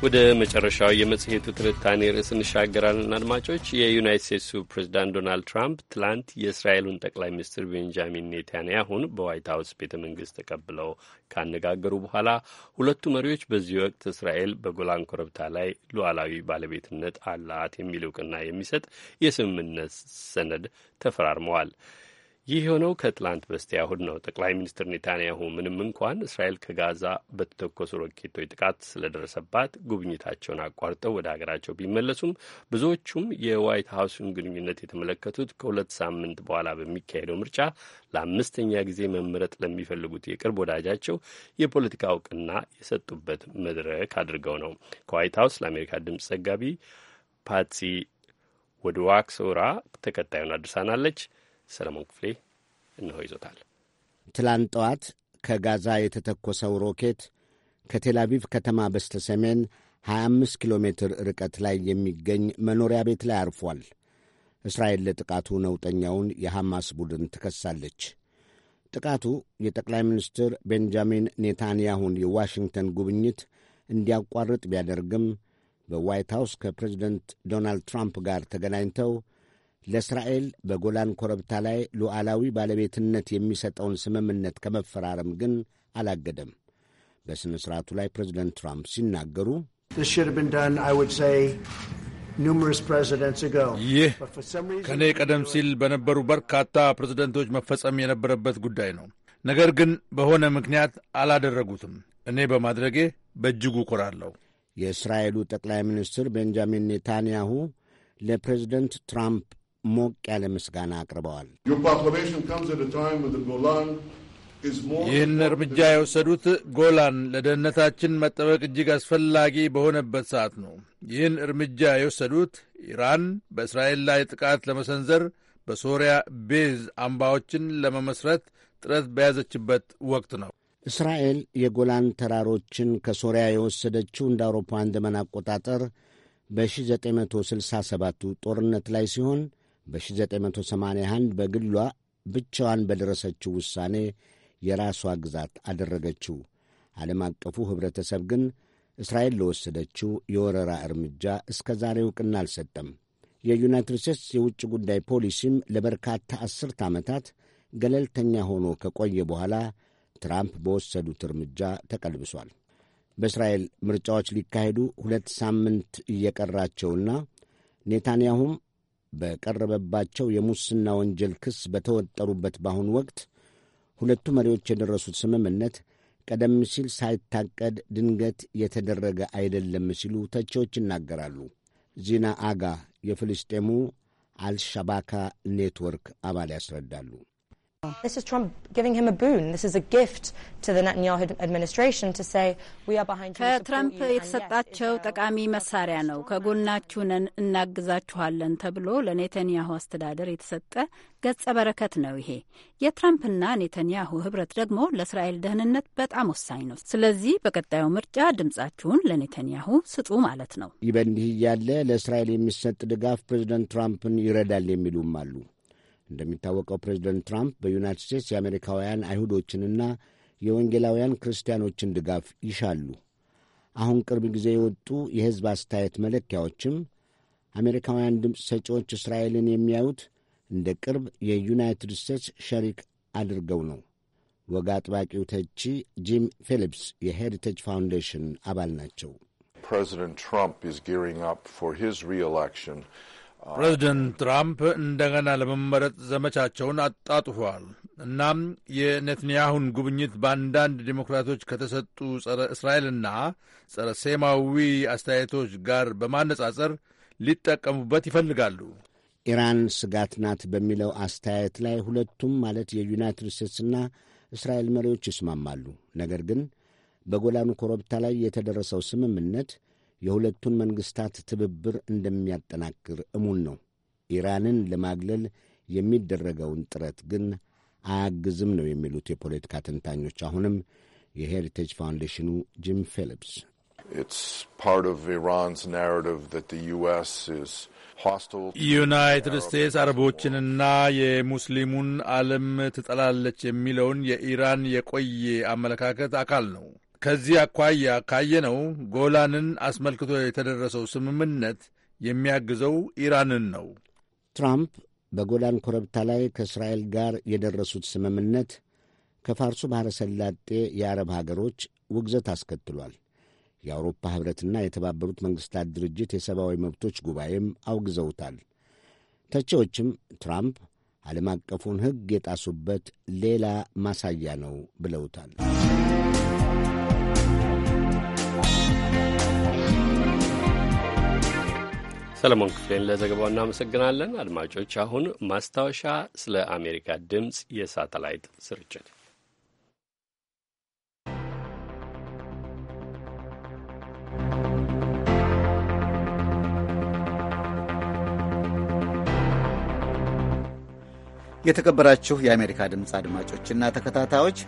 ወደ መጨረሻው የመጽሔቱ ትንታኔ ርዕስ እንሻገራለን። አድማጮች የዩናይት ስቴትሱ ፕሬዚዳንት ዶናልድ ትራምፕ ትላንት የእስራኤሉን ጠቅላይ ሚኒስትር ቤንጃሚን ኔታንያሁን በዋይት ሀውስ ቤተ መንግስት ተቀብለው ካነጋገሩ በኋላ ሁለቱ መሪዎች በዚህ ወቅት እስራኤል በጎላን ኮረብታ ላይ ሉዓላዊ ባለቤትነት አላት የሚል እውቅና የሚሰጥ የስምምነት ሰነድ ተፈራርመዋል። ይህ የሆነው ከትላንት በስቲያ እሁድ ነው። ጠቅላይ ሚኒስትር ኔታንያሁ ምንም እንኳን እስራኤል ከጋዛ በተተኮሱ ሮኬቶች ጥቃት ስለደረሰባት ጉብኝታቸውን አቋርጠው ወደ ሀገራቸው ቢመለሱም ብዙዎቹም የዋይት ሀውስን ግንኙነት የተመለከቱት ከሁለት ሳምንት በኋላ በሚካሄደው ምርጫ ለአምስተኛ ጊዜ መምረጥ ለሚፈልጉት የቅርብ ወዳጃቸው የፖለቲካ እውቅና የሰጡበት መድረክ አድርገው ነው። ከዋይት ሀውስ ለአሜሪካ ድምፅ ዘጋቢ ፓትሲ ወደ ተከታዩን አድርሳናለች። ሰለሞን ክፍሌ እንሆ ይዞታል። ትላንት ጠዋት ከጋዛ የተተኮሰው ሮኬት ከቴላቪቭ ከተማ በስተ ሰሜን 25 ኪሎ ሜትር ርቀት ላይ የሚገኝ መኖሪያ ቤት ላይ አርፏል። እስራኤል ለጥቃቱ ነውጠኛውን የሐማስ ቡድን ትከሳለች። ጥቃቱ የጠቅላይ ሚኒስትር ቤንጃሚን ኔታንያሁን የዋሽንግተን ጉብኝት እንዲያቋርጥ ቢያደርግም በዋይት ሃውስ ከፕሬዚደንት ዶናልድ ትራምፕ ጋር ተገናኝተው ለእስራኤል በጎላን ኮረብታ ላይ ሉዓላዊ ባለቤትነት የሚሰጠውን ስምምነት ከመፈራረም ግን አላገደም። በሥነ ሥርዓቱ ላይ ፕሬዚደንት ትራምፕ ሲናገሩ ይህ ከእኔ ቀደም ሲል በነበሩ በርካታ ፕሬዝደንቶች መፈጸም የነበረበት ጉዳይ ነው። ነገር ግን በሆነ ምክንያት አላደረጉትም። እኔ በማድረጌ በእጅጉ ኮራለሁ። የእስራኤሉ ጠቅላይ ሚኒስትር ቤንጃሚን ኔታንያሁ ለፕሬዝደንት ትራምፕ ሞቅ ያለ ምስጋና አቅርበዋል። ይህን እርምጃ የወሰዱት ጎላን ለደህንነታችን መጠበቅ እጅግ አስፈላጊ በሆነበት ሰዓት ነው። ይህን እርምጃ የወሰዱት ኢራን በእስራኤል ላይ ጥቃት ለመሰንዘር በሶሪያ ቤዝ አምባዎችን ለመመስረት ጥረት በያዘችበት ወቅት ነው። እስራኤል የጎላን ተራሮችን ከሶሪያ የወሰደችው እንደ አውሮፓውያን ዘመን አቆጣጠር በ1967ቱ ጦርነት ላይ ሲሆን በ1981 በግሏ ብቻዋን በደረሰችው ውሳኔ የራሷ ግዛት አደረገችው። ዓለም አቀፉ ኅብረተሰብ ግን እስራኤል ለወሰደችው የወረራ እርምጃ እስከ ዛሬ ዕውቅና አልሰጠም። የዩናይትድ ስቴትስ የውጭ ጉዳይ ፖሊሲም ለበርካታ አስርት ዓመታት ገለልተኛ ሆኖ ከቆየ በኋላ ትራምፕ በወሰዱት እርምጃ ተቀልብሷል። በእስራኤል ምርጫዎች ሊካሄዱ ሁለት ሳምንት እየቀራቸውና ኔታንያሁም በቀረበባቸው የሙስና ወንጀል ክስ በተወጠሩበት በአሁኑ ወቅት ሁለቱ መሪዎች የደረሱት ስምምነት ቀደም ሲል ሳይታቀድ ድንገት የተደረገ አይደለም ሲሉ ተቺዎች ይናገራሉ። ዚና አጋ የፍልስጤሙ አልሻባካ ኔትወርክ አባል ያስረዳሉ። ከትራምፕ የተሰጣቸው ጠቃሚ መሳሪያ ነው። ከጎናችሁ ነን፣ እናግዛችኋለን ተብሎ ለኔተንያሁ አስተዳደር የተሰጠ ገጸ በረከት ነው ይሄ። የትራምፕና ኔተንያሁ ህብረት ደግሞ ለእስራኤል ደህንነት በጣም ወሳኝ ነው። ስለዚህ በቀጣዩ ምርጫ ድምጻችሁን ለኔተንያሁ ስጡ ማለት ነው። ይህ በእንዲህ እያለ ለእስራኤል የሚሰጥ ድጋፍ ፕሬዚደንት ትራምፕን ይረዳል የሚሉም አሉ። እንደሚታወቀው ፕሬዚደንት ትራምፕ በዩናይትድ ስቴትስ የአሜሪካውያን አይሁዶችንና የወንጌላውያን ክርስቲያኖችን ድጋፍ ይሻሉ። አሁን ቅርብ ጊዜ የወጡ የሕዝብ አስተያየት መለኪያዎችም አሜሪካውያን ድምፅ ሰጪዎች እስራኤልን የሚያዩት እንደ ቅርብ የዩናይትድ ስቴትስ ሸሪክ አድርገው ነው። ወግ አጥባቂው ተቺ ጂም ፊሊፕስ የሄሪቴጅ ፋውንዴሽን አባል ናቸው። ፕሬዚደንት ትራምፕ ፕሬዚደንት ትራምፕ እንደገና ለመመረጥ ዘመቻቸውን አጣጥፏል። እናም የኔትንያሁን ጉብኝት በአንዳንድ ዴሞክራቶች ከተሰጡ ጸረ እስራኤልና ጸረ ሴማዊ አስተያየቶች ጋር በማነጻጸር ሊጠቀሙበት ይፈልጋሉ። ኢራን ስጋት ናት በሚለው አስተያየት ላይ ሁለቱም ማለት የዩናይትድ ስቴትስና እስራኤል መሪዎች ይስማማሉ። ነገር ግን በጎላኑ ኮረብታ ላይ የተደረሰው ስምምነት የሁለቱን መንግሥታት ትብብር እንደሚያጠናክር እሙን ነው። ኢራንን ለማግለል የሚደረገውን ጥረት ግን አያግዝም ነው የሚሉት የፖለቲካ ተንታኞች። አሁንም የሄሪቴጅ ፋውንዴሽኑ ጂም ፊሊፕስ ዩናይትድ ስቴትስ አረቦችንና የሙስሊሙን ዓለም ትጠላለች የሚለውን የኢራን የቆየ አመለካከት አካል ነው። ከዚህ አኳያ ካየነው ጎላንን አስመልክቶ የተደረሰው ስምምነት የሚያግዘው ኢራንን ነው። ትራምፕ በጎላን ኮረብታ ላይ ከእስራኤል ጋር የደረሱት ስምምነት ከፋርሱ ባሕረ ሰላጤ የአረብ ሀገሮች ውግዘት አስከትሏል። የአውሮፓ ኅብረትና የተባበሩት መንግሥታት ድርጅት የሰብአዊ መብቶች ጉባኤም አውግዘውታል። ተቺዎችም ትራምፕ ዓለም አቀፉን ሕግ የጣሱበት ሌላ ማሳያ ነው ብለውታል። ሰለሞን ክፍሌን ለዘገባው እናመሰግናለን። አድማጮች፣ አሁን ማስታወሻ ስለ አሜሪካ ድምፅ የሳተላይት ስርጭት የተከበራችሁ የአሜሪካ ድምፅ አድማጮችና ተከታታዮች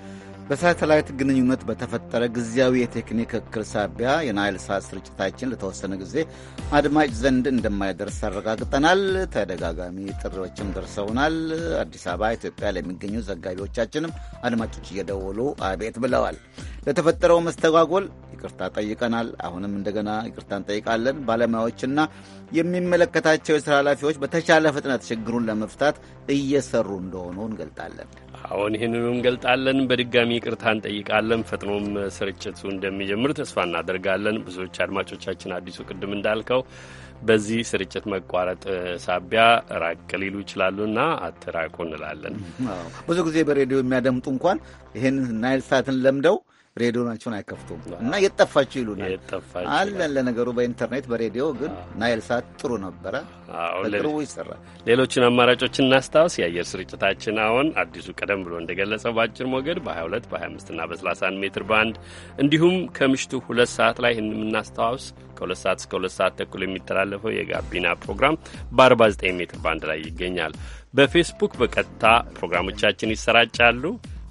በሳተላይት ግንኙነት በተፈጠረ ጊዜያዊ የቴክኒክ እክል ሳቢያ የናይል ሳት ስርጭታችን ለተወሰነ ጊዜ አድማጭ ዘንድ እንደማይደርስ አረጋግጠናል። ተደጋጋሚ ጥሪዎችም ደርሰውናል። አዲስ አበባ፣ ኢትዮጵያ ለሚገኙ ዘጋቢዎቻችንም አድማጮች እየደወሉ አቤት ብለዋል። ለተፈጠረው መስተጓጎል ይቅርታ ጠይቀናል። አሁንም እንደገና ይቅርታ እንጠይቃለን። ባለሙያዎችና የሚመለከታቸው የስራ ኃላፊዎች በተቻለ ፍጥነት ችግሩን ለመፍታት እየሰሩ እንደሆኑ እንገልጣለን። አሁን ይህንኑ እንገልጣለን። በድጋሚ ይቅርታ እንጠይቃለን። ፈጥኖም ስርጭቱ እንደሚጀምር ተስፋ እናደርጋለን። ብዙዎች አድማጮቻችን አዲሱ ቅድም እንዳልከው በዚህ ስርጭት መቋረጥ ሳቢያ ራቅ ሊሉ ይችላሉና አትራቁ እንላለን። ብዙ ጊዜ በሬዲዮ የሚያደምጡ እንኳን ይህን ናይል ሳትን ለምደው ሬዲዮናቸውን አይከፍቱም እና የጠፋችሁ ይሉናል አለን። ለነገሩ በኢንተርኔት በሬዲዮ ግን ናይል ሳት ጥሩ ነበረ፣ በቅርቡ ይሰራል። ሌሎችን አማራጮች እናስታውስ። የአየር ስርጭታችን አሁን አዲሱ ቀደም ብሎ እንደገለጸው በአጭር ሞገድ በ22 በ25 እና በ31 ሜትር ባንድ እንዲሁም ከምሽቱ ሁለት ሰዓት ላይ የምናስታውስ ከሁለት ሰዓት እስከ ሁለት ሰዓት ተኩል የሚተላለፈው የጋቢና ፕሮግራም በ49 ሜትር ባንድ ላይ ይገኛል። በፌስቡክ በቀጥታ ፕሮግራሞቻችን ይሰራጫሉ።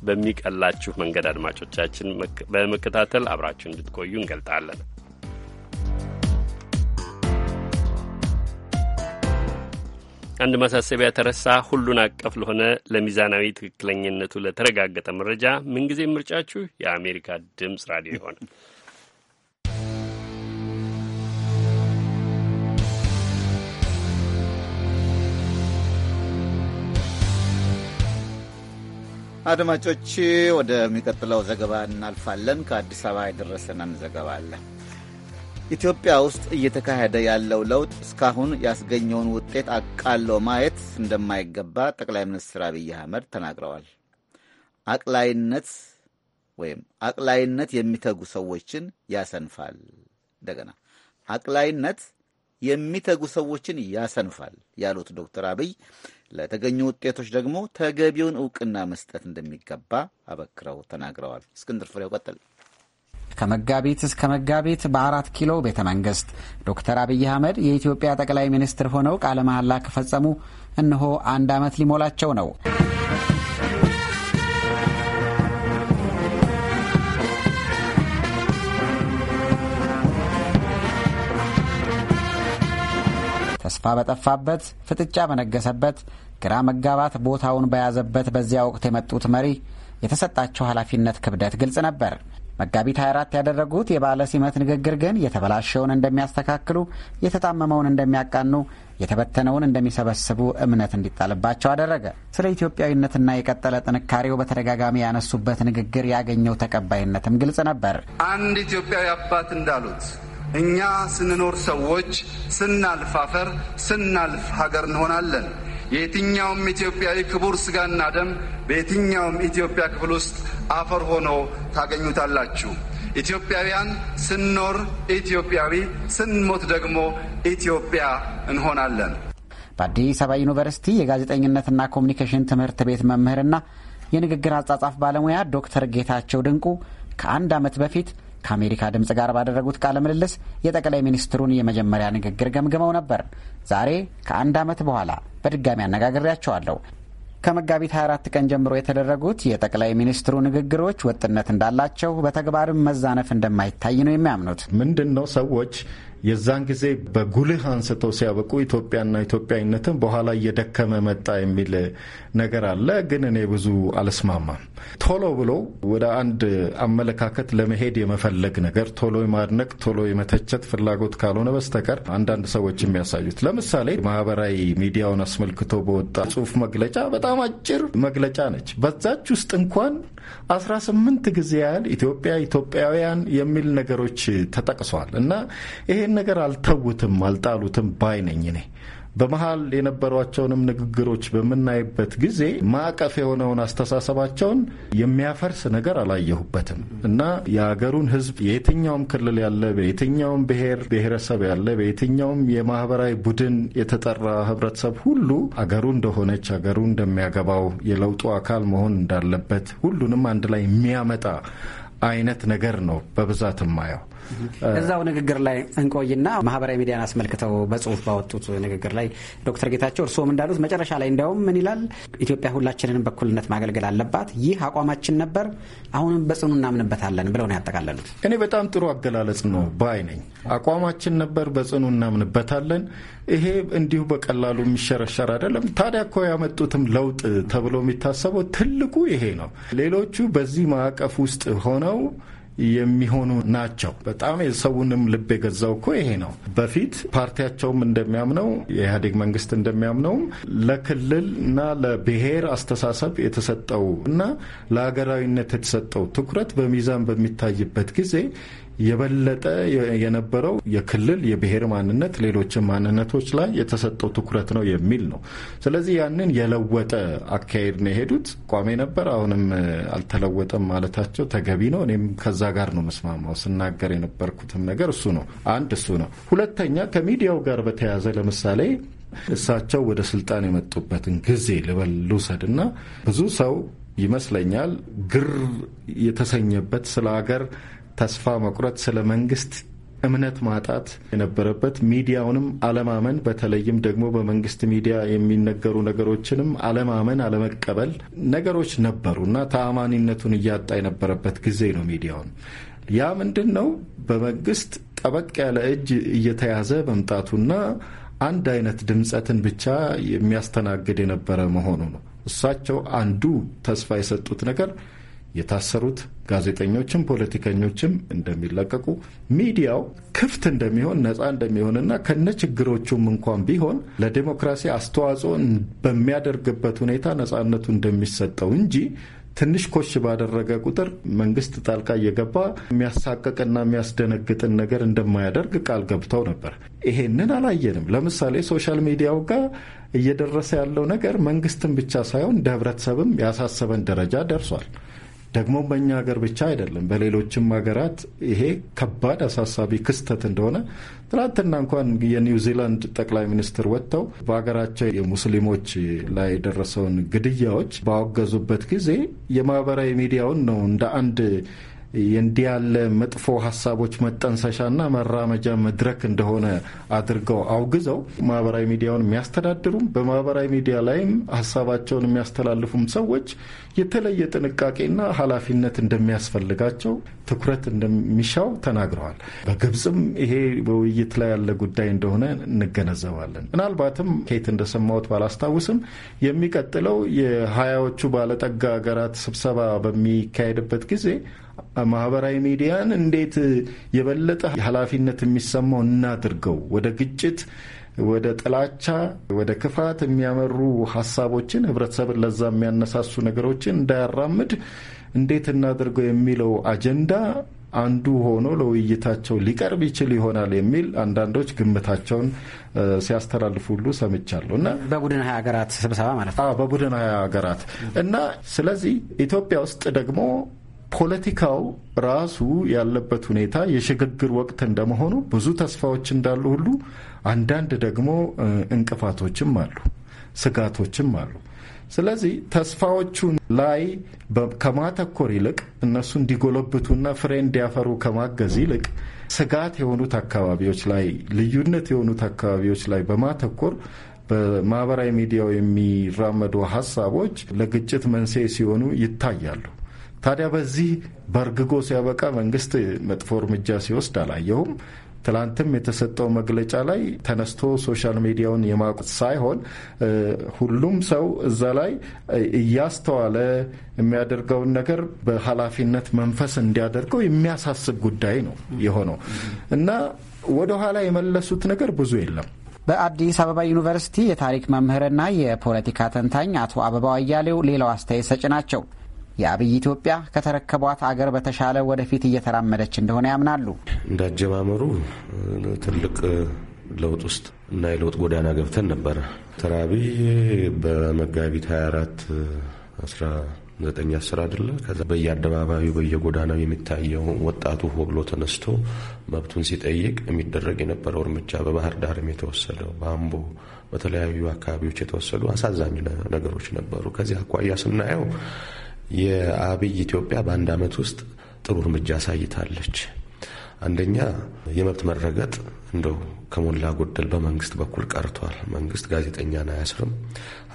በሚቀላችሁ መንገድ አድማጮቻችን በመከታተል አብራችሁ እንድትቆዩ እንገልጣለን። አንድ ማሳሰቢያ ተረሳ። ሁሉን አቀፍ ለሆነ ለሚዛናዊ ትክክለኝነቱ ለተረጋገጠ መረጃ ምንጊዜ ምርጫችሁ የአሜሪካ ድምፅ ራዲዮ ይሆናል። አድማጮች ወደሚቀጥለው ዘገባ እናልፋለን። ከአዲስ አበባ የደረሰንን ዘገባ ኢትዮጵያ ውስጥ እየተካሄደ ያለው ለውጥ እስካሁን ያስገኘውን ውጤት አቃሎ ማየት እንደማይገባ ጠቅላይ ሚኒስትር አብይ አህመድ ተናግረዋል። አቅላይነት ወይም አቅላይነት የሚተጉ ሰዎችን ያሰንፋል። እንደገና አቅላይነት የሚተጉ ሰዎችን ያሰንፋል ያሉት ዶክተር አብይ ለተገኙ ውጤቶች ደግሞ ተገቢውን እውቅና መስጠት እንደሚገባ አበክረው ተናግረዋል። እስክንድር ፍሬው ቀጥል ከመጋቢት እስከ መጋቢት በአራት ኪሎ ቤተ መንግስት ዶክተር አብይ አህመድ የኢትዮጵያ ጠቅላይ ሚኒስትር ሆነው ቃለ መሐላ ከፈጸሙ እነሆ አንድ ዓመት ሊሞላቸው ነው። ተስፋ በጠፋበት፣ ፍጥጫ በነገሰበት፣ ግራ መጋባት ቦታውን በያዘበት በዚያ ወቅት የመጡት መሪ የተሰጣቸው ኃላፊነት ክብደት ግልጽ ነበር። መጋቢት 24 ያደረጉት የባለ ሲመት ንግግር ግን የተበላሸውን እንደሚያስተካክሉ፣ የተጣመመውን እንደሚያቃኑ፣ የተበተነውን እንደሚሰበስቡ እምነት እንዲጣልባቸው አደረገ። ስለ ኢትዮጵያዊነትና የቀጠለ ጥንካሬው በተደጋጋሚ ያነሱበት ንግግር ያገኘው ተቀባይነትም ግልጽ ነበር። አንድ ኢትዮጵያዊ አባት እንዳሉት እኛ ስንኖር ሰዎች፣ ስናልፍ አፈር፣ ስናልፍ ሀገር እንሆናለን። የየትኛውም ኢትዮጵያዊ ክቡር ስጋና ደም በየትኛውም ኢትዮጵያ ክፍል ውስጥ አፈር ሆኖ ታገኙታላችሁ። ኢትዮጵያውያን ስንኖር ኢትዮጵያዊ፣ ስንሞት ደግሞ ኢትዮጵያ እንሆናለን። በአዲስ አበባ ዩኒቨርሲቲ የጋዜጠኝነትና ኮሚኒኬሽን ትምህርት ቤት መምህርና የንግግር አጻጻፍ ባለሙያ ዶክተር ጌታቸው ድንቁ ከአንድ ዓመት በፊት ከአሜሪካ ድምፅ ጋር ባደረጉት ቃለ ምልልስ የጠቅላይ ሚኒስትሩን የመጀመሪያ ንግግር ገምግመው ነበር። ዛሬ ከአንድ ዓመት በኋላ በድጋሚ አነጋግሬያቸዋለሁ። ከመጋቢት 24 ቀን ጀምሮ የተደረጉት የጠቅላይ ሚኒስትሩ ንግግሮች ወጥነት እንዳላቸው፣ በተግባርም መዛነፍ እንደማይታይ ነው የሚያምኑት። ምንድን ነው ሰዎች የዛን ጊዜ በጉልህ አንስተው ሲያበቁ ኢትዮጵያና ኢትዮጵያዊነትን በኋላ እየደከመ መጣ የሚል ነገር አለ። ግን እኔ ብዙ አልስማማም። ቶሎ ብሎ ወደ አንድ አመለካከት ለመሄድ የመፈለግ ነገር፣ ቶሎ የማድነቅ ቶሎ የመተቸት ፍላጎት ካልሆነ በስተቀር አንዳንድ ሰዎች የሚያሳዩት ለምሳሌ ማህበራዊ ሚዲያውን አስመልክቶ በወጣ ጽሁፍ መግለጫ በጣም አጭር መግለጫ ነች። በዛች ውስጥ እንኳን 18 ጊዜ ያህል ኢትዮጵያ ኢትዮጵያውያን የሚል ነገሮች ተጠቅሷል እና ይሄ ይሄን ነገር አልተውትም፣ አልጣሉትም ባይ ነኝ እኔ። በመሀል የነበሯቸውንም ንግግሮች በምናይበት ጊዜ ማዕቀፍ የሆነውን አስተሳሰባቸውን የሚያፈርስ ነገር አላየሁበትም እና የሀገሩን ሕዝብ የየትኛውም ክልል ያለ በየትኛውም ብሔር ብሔረሰብ ያለ በየትኛውም የማህበራዊ ቡድን የተጠራ ህብረተሰብ ሁሉ አገሩ እንደሆነች አገሩ እንደሚያገባው የለውጡ አካል መሆን እንዳለበት ሁሉንም አንድ ላይ የሚያመጣ አይነት ነገር ነው በብዛት የማየው። እዛው ንግግር ላይ እንቆይና ማህበራዊ ሚዲያን አስመልክተው በጽሁፍ ባወጡት ንግግር ላይ ዶክተር ጌታቸው እርስዎም እንዳሉት መጨረሻ ላይ እንዲያውም ምን ይላል ኢትዮጵያ ሁላችንንም በኩልነት ማገልገል አለባት። ይህ አቋማችን ነበር፣ አሁንም በጽኑ እናምንበታለን ብለው ነው ያጠቃለሉት። እኔ በጣም ጥሩ አገላለጽ ነው ባይ ነኝ። አቋማችን ነበር፣ በጽኑ እናምንበታለን። ይሄ እንዲሁ በቀላሉ የሚሸረሸር አይደለም። ታዲያ እኮ ያመጡትም ለውጥ ተብሎ የሚታሰበው ትልቁ ይሄ ነው። ሌሎቹ በዚህ ማዕቀፍ ውስጥ ሆነው የሚሆኑ ናቸው። በጣም የሰውንም ልብ የገዛው እኮ ይሄ ነው። በፊት ፓርቲያቸውም እንደሚያምነው የኢህአዴግ መንግስት እንደሚያምነውም ለክልል ና ለብሔር አስተሳሰብ የተሰጠው እና ለሀገራዊነት የተሰጠው ትኩረት በሚዛን በሚታይበት ጊዜ የበለጠ የነበረው የክልል የብሔር ማንነት፣ ሌሎችን ማንነቶች ላይ የተሰጠው ትኩረት ነው የሚል ነው። ስለዚህ ያንን የለወጠ አካሄድ ነው የሄዱት። ቋሜ ነበር አሁንም አልተለወጠም ማለታቸው ተገቢ ነው። እኔም ከዛ ጋር ነው መስማማው። ስናገር የነበርኩትም ነገር እሱ ነው። አንድ እሱ ነው። ሁለተኛ ከሚዲያው ጋር በተያያዘ ለምሳሌ እሳቸው ወደ ስልጣን የመጡበትን ጊዜ ልበል ልውሰድና ብዙ ሰው ይመስለኛል ግር የተሰኘበት ስለ ሀገር ተስፋ መቁረጥ፣ ስለ መንግስት እምነት ማጣት የነበረበት ሚዲያውንም አለማመን፣ በተለይም ደግሞ በመንግስት ሚዲያ የሚነገሩ ነገሮችንም አለማመን፣ አለመቀበል ነገሮች ነበሩ እና ተአማኒነቱን እያጣ የነበረበት ጊዜ ነው ሚዲያውን ያ ምንድን ነው በመንግስት ጠበቅ ያለ እጅ እየተያዘ መምጣቱና አንድ አይነት ድምፀትን ብቻ የሚያስተናግድ የነበረ መሆኑ ነው። እሳቸው አንዱ ተስፋ የሰጡት ነገር የታሰሩት ጋዜጠኞችም ፖለቲከኞችም እንደሚለቀቁ ሚዲያው ክፍት እንደሚሆን ነፃ እንደሚሆንና ከነ ችግሮቹም እንኳን ቢሆን ለዴሞክራሲ አስተዋጽኦ በሚያደርግበት ሁኔታ ነፃነቱ እንደሚሰጠው እንጂ ትንሽ ኮሽ ባደረገ ቁጥር መንግስት ጣልቃ እየገባ የሚያሳቀቅና የሚያስደነግጥን ነገር እንደማያደርግ ቃል ገብተው ነበር። ይሄንን አላየንም። ለምሳሌ ሶሻል ሚዲያው ጋር እየደረሰ ያለው ነገር መንግስትን ብቻ ሳይሆን እንደ ህብረተሰብም ያሳሰበን ደረጃ ደርሷል። ደግሞ በእኛ ሀገር ብቻ አይደለም፣ በሌሎችም ሀገራት ይሄ ከባድ አሳሳቢ ክስተት እንደሆነ ትናንትና እንኳን የኒውዚላንድ ጠቅላይ ሚኒስትር ወጥተው በሀገራቸው የሙስሊሞች ላይ የደረሰውን ግድያዎች ባወገዙበት ጊዜ የማህበራዊ ሚዲያውን ነው እንደ አንድ እንዲህ ያለ መጥፎ ሀሳቦች መጠንሰሻና መራመጃ መድረክ እንደሆነ አድርገው አውግዘው ማህበራዊ ሚዲያውን የሚያስተዳድሩም በማህበራዊ ሚዲያ ላይም ሀሳባቸውን የሚያስተላልፉም ሰዎች የተለየ ጥንቃቄና ኃላፊነት እንደሚያስፈልጋቸው ትኩረት እንደሚሻው ተናግረዋል። በግብፅም ይሄ በውይይት ላይ ያለ ጉዳይ እንደሆነ እንገነዘባለን። ምናልባትም ከየት እንደሰማሁት ባላስታውስም የሚቀጥለው የሀያዎቹ ባለጠጋ ሀገራት ስብሰባ በሚካሄድበት ጊዜ ማህበራዊ ሚዲያን እንዴት የበለጠ ኃላፊነት የሚሰማው እናድርገው ወደ ግጭት ወደ ጥላቻ፣ ወደ ክፋት የሚያመሩ ሀሳቦችን ህብረተሰብን ለዛ የሚያነሳሱ ነገሮችን እንዳያራምድ እንዴት እናድርገው የሚለው አጀንዳ አንዱ ሆኖ ለውይይታቸው ሊቀርብ ይችል ይሆናል የሚል አንዳንዶች ግምታቸውን ሲያስተላልፉ ሁሉ ሰምቻለሁ እና በቡድን ሀያ ሀገራት ስብሰባ ማለት ነው። በቡድን ሀያ ሀገራት እና ስለዚህ ኢትዮጵያ ውስጥ ደግሞ ፖለቲካው ራሱ ያለበት ሁኔታ የሽግግር ወቅት እንደመሆኑ ብዙ ተስፋዎች እንዳሉ ሁሉ አንዳንድ ደግሞ እንቅፋቶችም አሉ፣ ስጋቶችም አሉ። ስለዚህ ተስፋዎቹ ላይ ከማተኮር ይልቅ እነሱ እንዲጎለብቱና ፍሬ እንዲያፈሩ ከማገዝ ይልቅ ስጋት የሆኑት አካባቢዎች ላይ ልዩነት የሆኑት አካባቢዎች ላይ በማተኮር በማህበራዊ ሚዲያው የሚራመዱ ሀሳቦች ለግጭት መንስኤ ሲሆኑ ይታያሉ። ታዲያ በዚህ በርግጎ ሲያበቃ መንግስት መጥፎ እርምጃ ሲወስድ አላየሁም። ትላንትም የተሰጠው መግለጫ ላይ ተነስቶ ሶሻል ሚዲያውን የማቁ ሳይሆን ሁሉም ሰው እዛ ላይ እያስተዋለ የሚያደርገውን ነገር በኃላፊነት መንፈስ እንዲያደርገው የሚያሳስብ ጉዳይ ነው የሆነው እና ወደኋላ የመለሱት ነገር ብዙ የለም። በአዲስ አበባ ዩኒቨርሲቲ የታሪክ መምህርና የፖለቲካ ተንታኝ አቶ አበባው አያሌው ሌላው አስተያየት ሰጭ ናቸው። የአብይ ኢትዮጵያ ከተረከቧት አገር በተሻለ ወደፊት እየተራመደች እንደሆነ ያምናሉ። አጀማመሩ ትልቅ ለውጥ ውስጥ እና የለውጥ ጎዳና ገብተን ነበረ። ተራ አብይ በመጋቢት 24 19 10 አይደለ ከዛ በየአደባባዩ በየጎዳናው የሚታየው ወጣቱ ሆ ብሎ ተነስቶ መብቱን ሲጠይቅ የሚደረግ የነበረው እርምጃ በባህር ዳርም የተወሰደው በአምቦ በተለያዩ አካባቢዎች የተወሰዱ አሳዛኝ ነገሮች ነበሩ። ከዚህ አኳያ ስናየው የአብይ ኢትዮጵያ በአንድ ዓመት ውስጥ ጥሩ እርምጃ አሳይታለች። አንደኛ የመብት መረገጥ እንደው ከሞላ ጎደል በመንግስት በኩል ቀርቷል። መንግስት ጋዜጠኛን አያስርም፣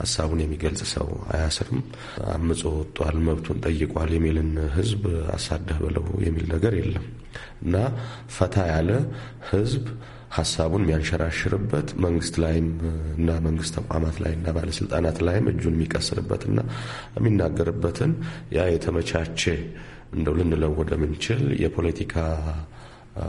ሀሳቡን የሚገልጽ ሰው አያስርም። አምጾ ወጥቷል፣ መብቱን ጠይቋል የሚልን ህዝብ አሳደህ ብለው የሚል ነገር የለም እና ፈታ ያለ ህዝብ ሀሳቡን የሚያንሸራሽርበት መንግስት ላይም እና መንግስት ተቋማት ላይ እና ባለስልጣናት ላይም እጁን የሚቀስርበትና የሚናገርበትን ያ የተመቻቸ እንደው ልንለው ወደምንችል የፖለቲካ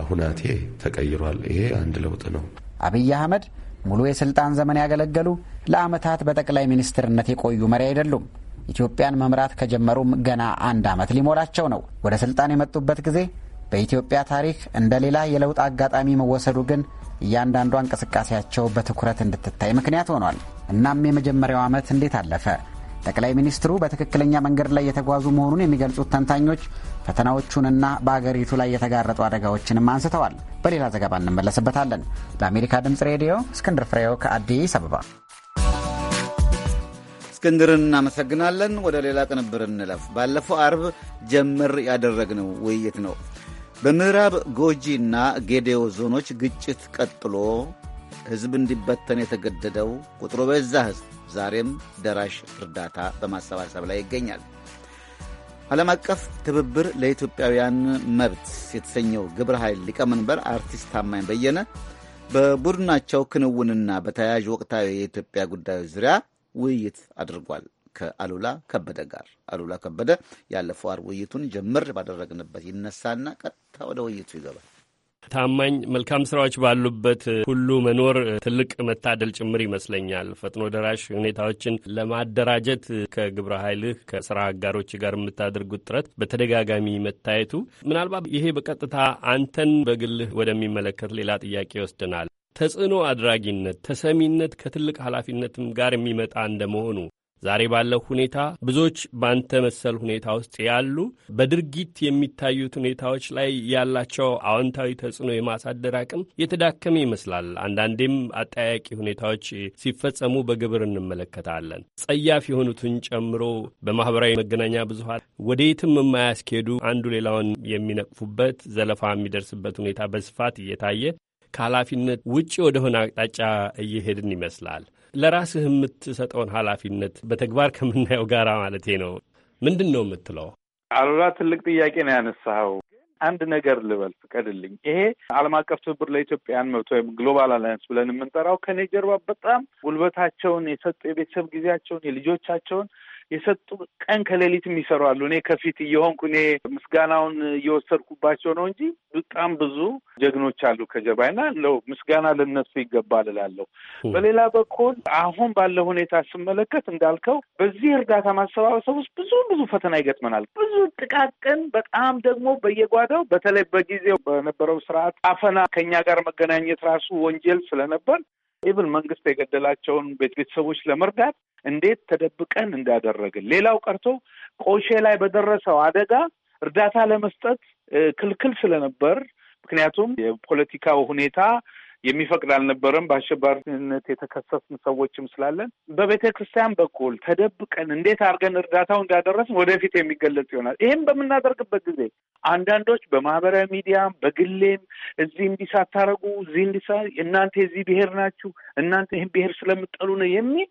ሁናቴ ተቀይሯል። ይሄ አንድ ለውጥ ነው። አብይ አህመድ ሙሉ የስልጣን ዘመን ያገለገሉ ለአመታት በጠቅላይ ሚኒስትርነት የቆዩ መሪ አይደሉም። ኢትዮጵያን መምራት ከጀመሩም ገና አንድ ዓመት ሊሞላቸው ነው። ወደ ስልጣን የመጡበት ጊዜ በኢትዮጵያ ታሪክ እንደ ሌላ የለውጥ አጋጣሚ መወሰዱ ግን እያንዳንዷ እንቅስቃሴያቸው በትኩረት እንድትታይ ምክንያት ሆኗል። እናም የመጀመሪያው ዓመት እንዴት አለፈ? ጠቅላይ ሚኒስትሩ በትክክለኛ መንገድ ላይ የተጓዙ መሆኑን የሚገልጹት ተንታኞች ፈተናዎቹንና በአገሪቱ ላይ የተጋረጡ አደጋዎችንም አንስተዋል። በሌላ ዘገባ እንመለስበታለን። ለአሜሪካ ድምፅ ሬዲዮ እስክንድር ፍሬው ከአዲስ አበባ። እስክንድርን እናመሰግናለን። ወደ ሌላ ቅንብር እንለፍ። ባለፈው አርብ ጀምር ያደረግነው ውይይት ነው በምዕራብ ጎጂና ጌዴዮ ዞኖች ግጭት ቀጥሎ ሕዝብ እንዲበተን የተገደደው ቁጥሩ በዛ ሕዝብ ዛሬም ደራሽ እርዳታ በማሰባሰብ ላይ ይገኛል። ዓለም አቀፍ ትብብር ለኢትዮጵያውያን መብት የተሰኘው ግብረ ኃይል ሊቀመንበር አርቲስት ታማኝ በየነ በቡድናቸው ክንውንና በተያያዥ ወቅታዊ የኢትዮጵያ ጉዳዮች ዙሪያ ውይይት አድርጓል። ከአሉላ ከበደ ጋር። አሉላ ከበደ ያለፈው አርብ ውይይቱን ጀምር ባደረግንበት ይነሳና ቀጥታ ወደ ውይይቱ ይገባል። ታማኝ መልካም ስራዎች ባሉበት ሁሉ መኖር ትልቅ መታደል ጭምር ይመስለኛል። ፈጥኖ ደራሽ ሁኔታዎችን ለማደራጀት ከግብረ ኃይልህ ከስራ አጋሮች ጋር የምታደርጉት ጥረት በተደጋጋሚ መታየቱ ምናልባት ይሄ በቀጥታ አንተን በግልህ ወደሚመለከት ሌላ ጥያቄ ይወስድናል። ተጽዕኖ አድራጊነት፣ ተሰሚነት ከትልቅ ኃላፊነትም ጋር የሚመጣ እንደመሆኑ ዛሬ ባለው ሁኔታ ብዙዎች ባንተ መሰል ሁኔታ ውስጥ ያሉ በድርጊት የሚታዩት ሁኔታዎች ላይ ያላቸው አዎንታዊ ተጽዕኖ የማሳደር አቅም የተዳከመ ይመስላል። አንዳንዴም አጠያቂ ሁኔታዎች ሲፈጸሙ በግብር እንመለከታለን። ጸያፍ የሆኑትን ጨምሮ በማህበራዊ መገናኛ ብዙሃል ወደ የትም የማያስኬዱ አንዱ ሌላውን የሚነቅፉበት ዘለፋ የሚደርስበት ሁኔታ በስፋት እየታየ ከኃላፊነት ውጭ ወደሆነ አቅጣጫ እየሄድን ይመስላል። ለራስህ የምትሰጠውን ኃላፊነት በተግባር ከምናየው ጋር ማለቴ ነው ምንድን ነው የምትለው? አሉላ ትልቅ ጥያቄ ነው ያነሳኸው። አንድ ነገር ልበል ፍቀድልኝ። ይሄ ዓለም አቀፍ ትብብር ለኢትዮጵያውያን መብት ወይም ግሎባል አላያንስ ብለን የምንጠራው ከኔ ጀርባ በጣም ጉልበታቸውን የሰጡ የቤተሰብ ጊዜያቸውን የልጆቻቸውን የሰጡ ቀን ከሌሊት የሚሰሩ አሉ። እኔ ከፊት እየሆንኩ እኔ ምስጋናውን እየወሰድኩባቸው ነው እንጂ በጣም ብዙ ጀግኖች አሉ ከጀርባ እና ለው ምስጋና ልነሱ ይገባል እላለሁ። በሌላ በኩል አሁን ባለው ሁኔታ ስመለከት እንዳልከው በዚህ እርዳታ ማሰባሰብ ውስጥ ብዙ ብዙ ፈተና ይገጥመናል። ብዙ ጥቃቅን በጣም ደግሞ በየጓዳው በተለይ በጊዜው በነበረው ስርዓት አፈና ከኛ ጋር መገናኘት ራሱ ወንጀል ስለነበር ኢቭን መንግስት የገደላቸውን ቤተሰቦች ለመርዳት እንዴት ተደብቀን እንዳደረግን፣ ሌላው ቀርቶ ቆሼ ላይ በደረሰው አደጋ እርዳታ ለመስጠት ክልክል ስለነበር ምክንያቱም የፖለቲካው ሁኔታ የሚፈቅድ አልነበረም። በአሸባሪነት የተከሰስን ሰዎችም ስላለን በቤተ ክርስቲያን በኩል ተደብቀን እንዴት አድርገን እርዳታው እንዳደረስን ወደፊት የሚገለጽ ይሆናል። ይህም በምናደርግበት ጊዜ አንዳንዶች በማህበራዊ ሚዲያ በግሌም እዚህ እንዲህ ሳታረጉ እዚህ እንዲህ እናንተ የዚህ ብሔር ናችሁ እናንተ ይህን ብሔር ስለምጠሉ ነው የሚል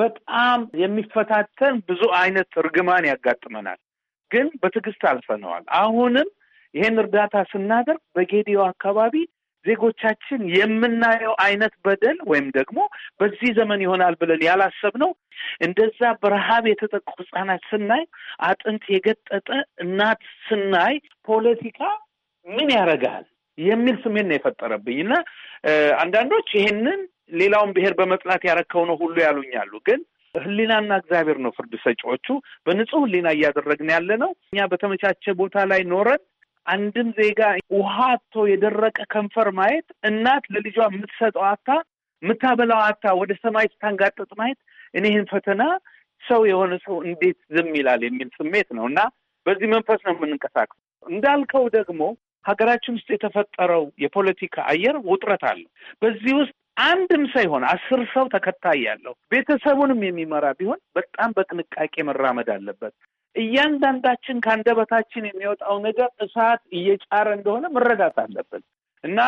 በጣም የሚፈታተን ብዙ አይነት እርግማን ያጋጥመናል። ግን በትዕግስት አልፈነዋል። አሁንም ይህን እርዳታ ስናደርግ በጌዲዮ አካባቢ ዜጎቻችን የምናየው አይነት በደል ወይም ደግሞ በዚህ ዘመን ይሆናል ብለን ያላሰብነው እንደዛ በረሃብ የተጠቁ ህጻናት ስናይ፣ አጥንት የገጠጠ እናት ስናይ ፖለቲካ ምን ያደርጋል የሚል ስሜት ነው የፈጠረብኝ እና አንዳንዶች ይሄንን ሌላውን ብሔር በመጥላት ያረከው ነው ሁሉ ያሉኛሉ ግን ህሊናና እግዚአብሔር ነው ፍርድ ሰጪዎቹ። በንጹህ ህሊና እያደረግን ያለ ነው። እኛ በተመቻቸ ቦታ ላይ ኖረን አንድም ዜጋ ውሃ አጥቶ የደረቀ ከንፈር ማየት፣ እናት ለልጇ የምትሰጠው አታ የምታበላው አታ ወደ ሰማይ ስታንጋጠጥ ማየት እኔ ይህን ፈተና ሰው የሆነ ሰው እንዴት ዝም ይላል የሚል ስሜት ነው እና በዚህ መንፈስ ነው የምንንቀሳቀስ። እንዳልከው ደግሞ ሀገራችን ውስጥ የተፈጠረው የፖለቲካ አየር ውጥረት አለው። በዚህ ውስጥ አንድም ሳይሆን አስር ሰው ተከታይ ያለው ቤተሰቡንም የሚመራ ቢሆን በጣም በጥንቃቄ መራመድ አለበት። እያንዳንዳችን ከአንደበታችን የሚወጣው ነገር እሳት እየጫረ እንደሆነ መረዳት አለብን እና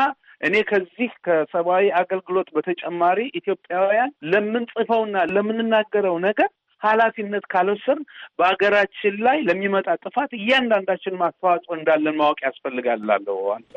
እኔ ከዚህ ከሰብአዊ አገልግሎት በተጨማሪ ኢትዮጵያውያን ለምንጽፈውና ለምንናገረው ነገር ኃላፊነት ስር በሀገራችን ላይ ለሚመጣ ጥፋት እያንዳንዳችን ማስተዋጽኦ እንዳለን ማወቅ ያስፈልጋል አንሳ